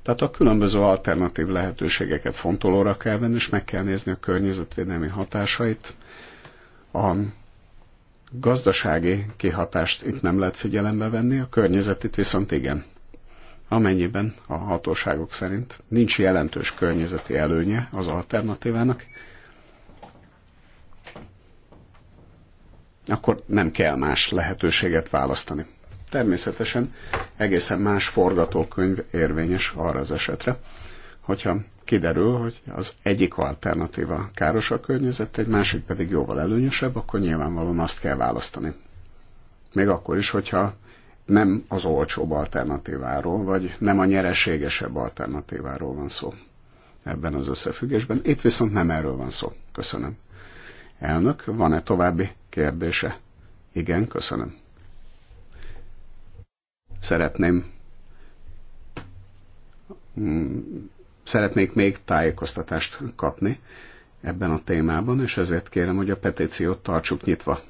Tehát a különböző alternatív lehetőségeket fontolóra kell venni, és meg kell nézni a környezetvédelmi hatásait. A gazdasági kihatást itt nem lehet figyelembe venni, a környezetit viszont igen amennyiben a hatóságok szerint nincs jelentős környezeti előnye az alternatívának, akkor nem kell más lehetőséget választani. Természetesen egészen más forgatókönyv érvényes arra az esetre, hogyha kiderül, hogy az egyik alternatíva káros a környezet, egy másik pedig jóval előnyösebb, akkor nyilvánvalóan azt kell választani. Még akkor is, hogyha nem az olcsóbb alternatíváról, vagy nem a nyereségesebb alternatíváról van szó ebben az összefüggésben. Itt viszont nem erről van szó. Köszönöm. Elnök, van-e további kérdése? Igen, köszönöm. Szeretném mm, szeretnék még tájékoztatást kapni ebben a témában, és ezért kérem, hogy a petíciót tartsuk nyitva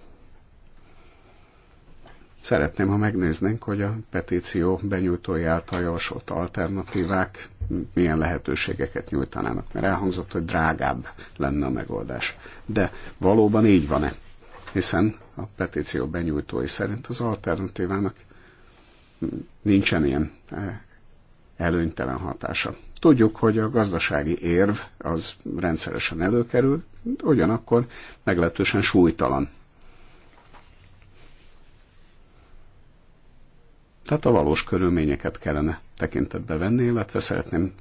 Szeretném, ha megnéznénk, hogy a petíció benyújtói által javasolt alternatívák milyen lehetőségeket nyújtanának, mert elhangzott, hogy drágább lenne a megoldás. De valóban így van-e? Hiszen a petíció benyújtói szerint az alternatívának nincsen ilyen eh, előnytelen hatása. Tudjuk, hogy a gazdasági érv az rendszeresen előkerül, ugyanakkor meglehetősen súlytalan Tehát a valós körülményeket kellene tekintetbe venni, illetve szeretném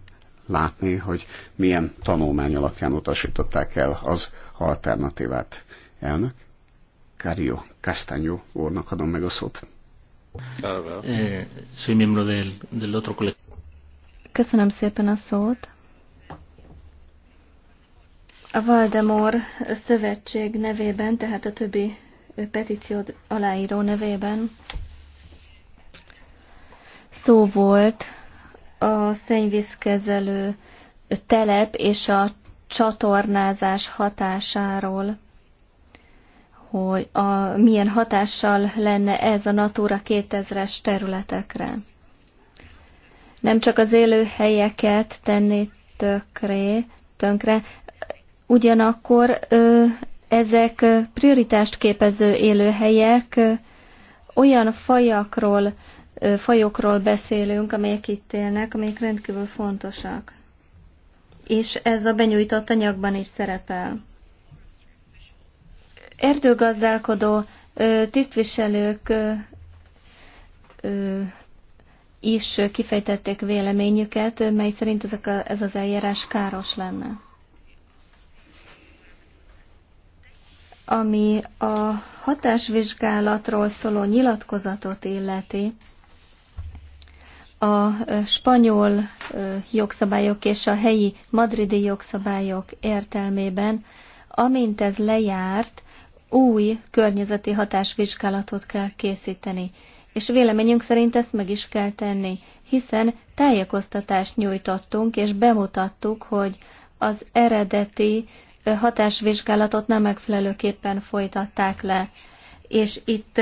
látni, hogy milyen tanulmány alapján utasították el az alternatívát. Elnök, Cario Castanyó úrnak adom meg a szót. Eh, Köszönöm szépen a szót. A Valdemor szövetség nevében, tehát a többi petíciót aláíró nevében Szó volt a szennyvízkezelő telep és a csatornázás hatásáról, hogy a, milyen hatással lenne ez a Natura 2000-es területekre. Nem csak az élő helyeket tenné tökre, tönkre, ugyanakkor ö, ezek prioritást képező élőhelyek olyan fajakról fajokról beszélünk, amelyek itt élnek, amelyek rendkívül fontosak. És ez a benyújtott anyagban is szerepel. Erdőgazdálkodó tisztviselők is kifejtették véleményüket, mely szerint ezek ez az eljárás káros lenne. Ami a hatásvizsgálatról szóló nyilatkozatot illeti, a spanyol jogszabályok és a helyi madridi jogszabályok értelmében, amint ez lejárt, új környezeti hatásvizsgálatot kell készíteni. És véleményünk szerint ezt meg is kell tenni, hiszen tájékoztatást nyújtottunk, és bemutattuk, hogy az eredeti hatásvizsgálatot nem megfelelőképpen folytatták le. És itt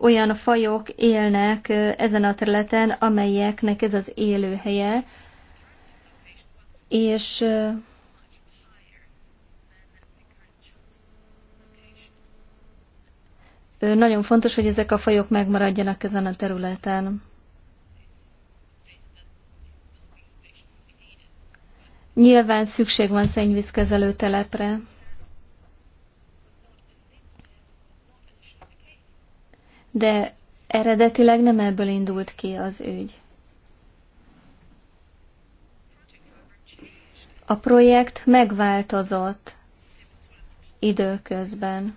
olyan fajok élnek ezen a területen, amelyeknek ez az élőhelye, és nagyon fontos, hogy ezek a fajok megmaradjanak ezen a területen. Nyilván szükség van szennyvízkezelő telepre. de eredetileg nem ebből indult ki az ügy. A projekt megváltozott időközben.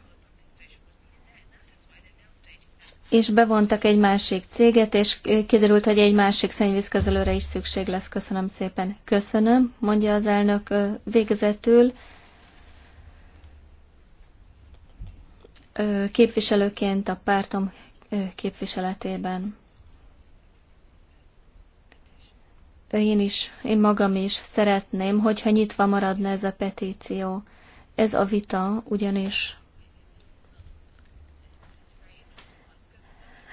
És bevontak egy másik céget, és kiderült, hogy egy másik szennyvízkezelőre is szükség lesz. Köszönöm szépen. Köszönöm, mondja az elnök végezetül. képviselőként a pártom képviseletében. Én is, én magam is szeretném, hogyha nyitva maradna ez a petíció. Ez a vita ugyanis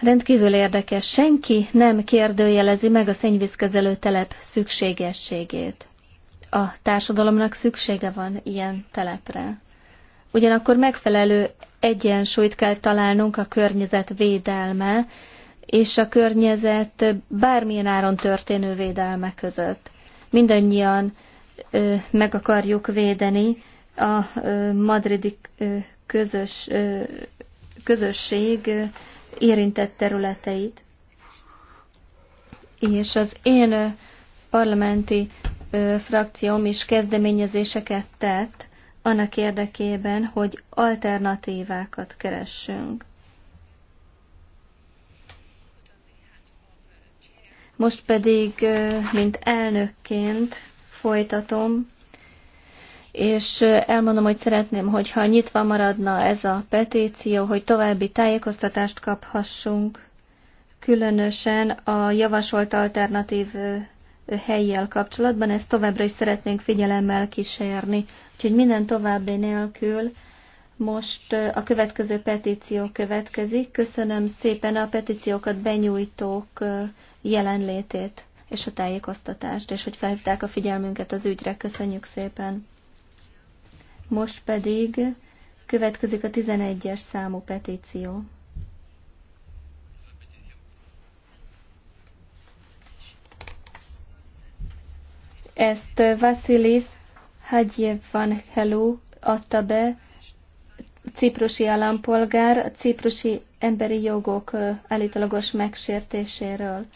Rendkívül érdekes, senki nem kérdőjelezi meg a szennyvízkezelő telep szükségességét. A társadalomnak szüksége van ilyen telepre. Ugyanakkor megfelelő egyensúlyt kell találnunk a környezet védelme és a környezet bármilyen áron történő védelme között. Mindannyian ö, meg akarjuk védeni a ö, madridi ö, közös, ö, közösség ö, érintett területeit. És az én parlamenti ö, frakcióm is kezdeményezéseket tett annak érdekében, hogy alternatívákat keressünk. Most pedig, mint elnökként folytatom, és elmondom, hogy szeretném, hogyha nyitva maradna ez a petíció, hogy további tájékoztatást kaphassunk, különösen a javasolt alternatív helyjel kapcsolatban, ezt továbbra is szeretnénk figyelemmel kísérni. Úgyhogy minden további nélkül most a következő petíció következik. Köszönöm szépen a petíciókat benyújtók jelenlétét és a tájékoztatást, és hogy felhívták a figyelmünket az ügyre. Köszönjük szépen! Most pedig következik a 11-es számú petíció. Ezt eh, Vasilis Hagyevan Helú adta be, ciprusi állampolgár, a ciprusi emberi jogok eh, állítólagos megsértéséről.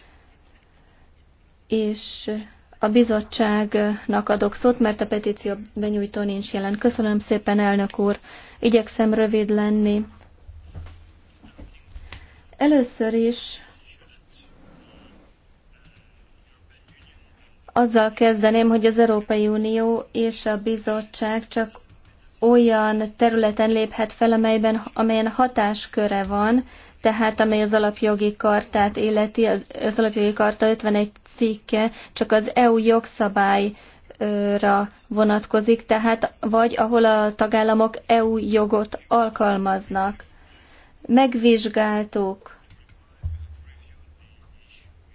És eh, a bizottságnak adok szót, mert a petíció benyújtó nincs jelen. Köszönöm szépen, elnök úr. Igyekszem rövid lenni. Először is Azzal kezdeném, hogy az Európai Unió és a bizottság csak olyan területen léphet fel, amelyben, amelyen hatásköre van, tehát amely az alapjogi kartát életi, az, az alapjogi karta 51 cikke csak az EU jogszabályra vonatkozik, tehát vagy ahol a tagállamok EU jogot alkalmaznak. Megvizsgáltuk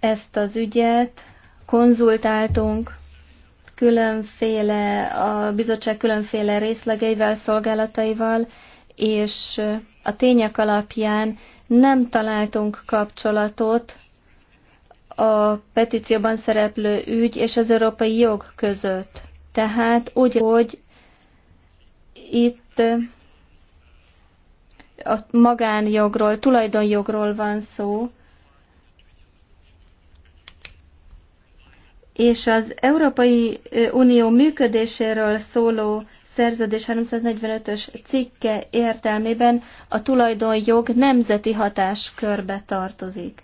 ezt az ügyet, konzultáltunk különféle, a bizottság különféle részlegeivel, szolgálataival, és a tények alapján nem találtunk kapcsolatot a petícióban szereplő ügy és az európai jog között. Tehát úgy, hogy itt a magánjogról, tulajdonjogról van szó, és az Európai Unió működéséről szóló szerződés 345-ös cikke értelmében a tulajdonjog nemzeti hatáskörbe tartozik.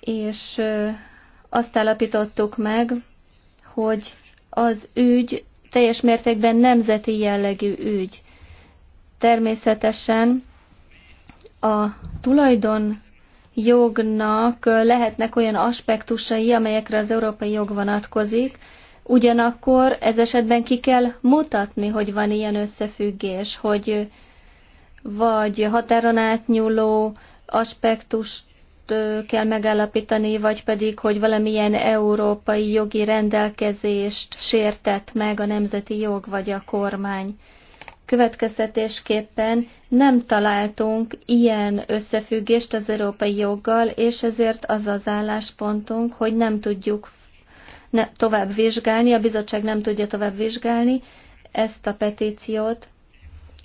És azt állapítottuk meg, hogy az ügy teljes mértékben nemzeti jellegű ügy. Természetesen a tulajdon jognak lehetnek olyan aspektusai, amelyekre az európai jog vonatkozik, ugyanakkor ez esetben ki kell mutatni, hogy van ilyen összefüggés, hogy vagy határon átnyúló aspektust kell megállapítani, vagy pedig, hogy valamilyen európai jogi rendelkezést sértett meg a nemzeti jog vagy a kormány. Következtetésképpen nem találtunk ilyen összefüggést az európai joggal, és ezért az az álláspontunk, hogy nem tudjuk ne, tovább vizsgálni, a bizottság nem tudja tovább vizsgálni ezt a petíciót.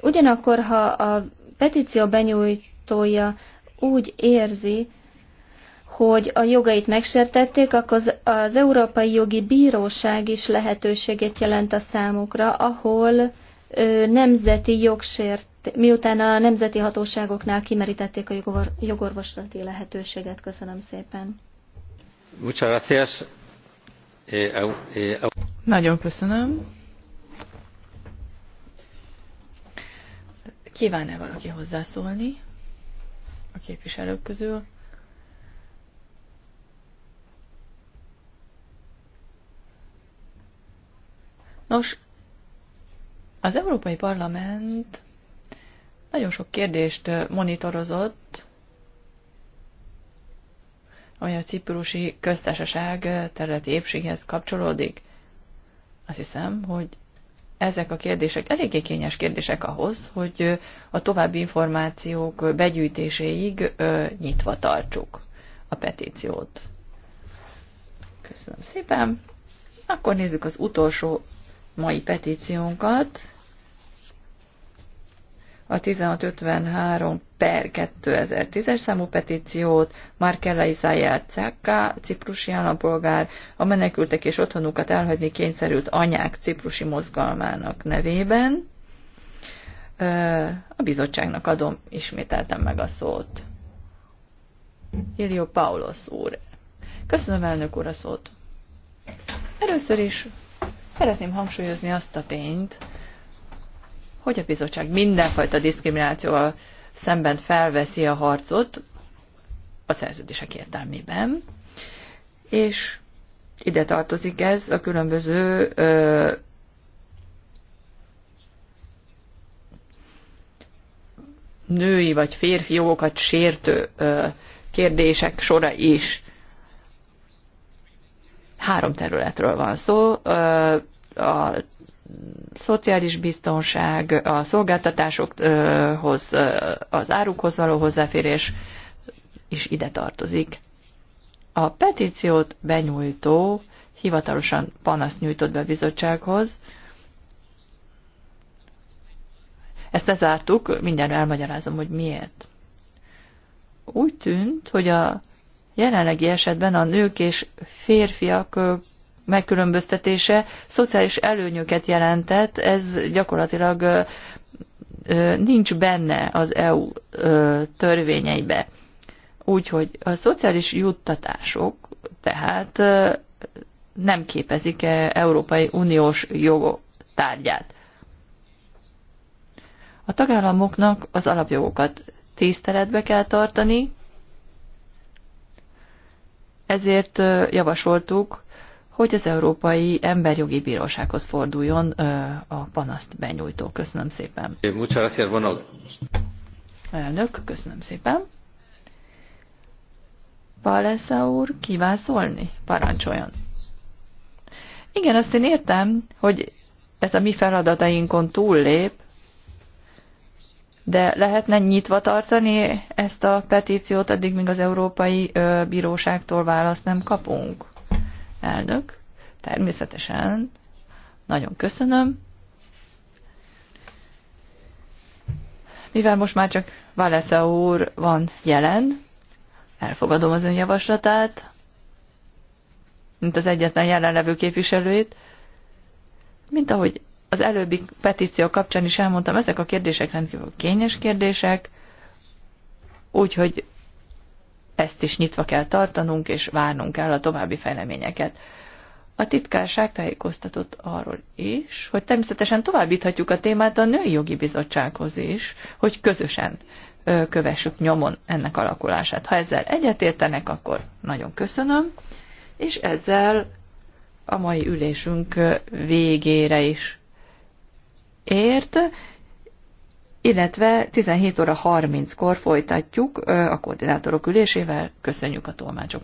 Ugyanakkor, ha a petíció benyújtója úgy érzi, hogy a jogait megsértették, akkor az, az Európai Jogi Bíróság is lehetőséget jelent a számukra, ahol nemzeti jogsért, miután a nemzeti hatóságoknál kimerítették a jogorvoslati lehetőséget. Köszönöm szépen. Eh, eh, Nagyon köszönöm. Kíván-e valaki hozzászólni a képviselők közül? Nos, az Európai Parlament nagyon sok kérdést monitorozott, ami a ciprusi köztársaság területi épséghez kapcsolódik. Azt hiszem, hogy ezek a kérdések eléggé kényes kérdések ahhoz, hogy a további információk begyűjtéséig nyitva tartsuk a petíciót. Köszönöm szépen. Akkor nézzük az utolsó mai petíciónkat a 1653 per 2010-es számú petíciót Markella Izájá Cáka, ciprusi állampolgár, a menekültek és otthonukat elhagyni kényszerült anyák ciprusi mozgalmának nevében. A bizottságnak adom, ismételtem meg a szót. Ilio Paulos úr. Köszönöm elnök úr a szót. Először is szeretném hangsúlyozni azt a tényt, hogy a bizottság mindenfajta diszkriminációval szemben felveszi a harcot a szerződések értelmében, és ide tartozik ez a különböző ö, női vagy férfi jogokat sértő ö, kérdések sora is. Három területről van szó, ö, a szociális biztonság, a szolgáltatásokhoz, az árukhoz való hozzáférés is ide tartozik. A petíciót benyújtó hivatalosan panaszt nyújtott be a bizottsághoz. Ezt lezártuk, mindjárt elmagyarázom, hogy miért. Úgy tűnt, hogy a jelenlegi esetben a nők és férfiak megkülönböztetése szociális előnyöket jelentett, ez gyakorlatilag nincs benne az EU törvényeibe. Úgyhogy a szociális juttatások tehát nem képezik -e Európai Uniós jogok tárgyát. A tagállamoknak az alapjogokat tiszteletbe kell tartani, ezért javasoltuk hogy az Európai Emberjogi Bírósághoz forduljon a panaszt benyújtó. Köszönöm szépen. Elnök, köszönöm szépen. Palesza úr, kíván szólni? Parancsoljon. Igen, azt én értem, hogy ez a mi feladatainkon túllép, de lehetne nyitva tartani ezt a petíciót addig, míg az Európai Bíróságtól választ nem kapunk? Elnök, természetesen, nagyon köszönöm. Mivel most már csak Valesza úr van jelen, elfogadom az ön javaslatát, mint az egyetlen jelenlevő képviselőjét, mint ahogy az előbbi petíció kapcsán is elmondtam, ezek a kérdések rendkívül kényes kérdések, úgyhogy ezt is nyitva kell tartanunk, és várnunk kell a további fejleményeket. A titkárság tájékoztatott arról is, hogy természetesen továbbíthatjuk a témát a Női Jogi Bizottsághoz is, hogy közösen kövessük nyomon ennek alakulását. Ha ezzel egyetértenek, akkor nagyon köszönöm, és ezzel a mai ülésünk végére is ért illetve 17 óra 30-kor folytatjuk a koordinátorok ülésével. Köszönjük a tolmácsok!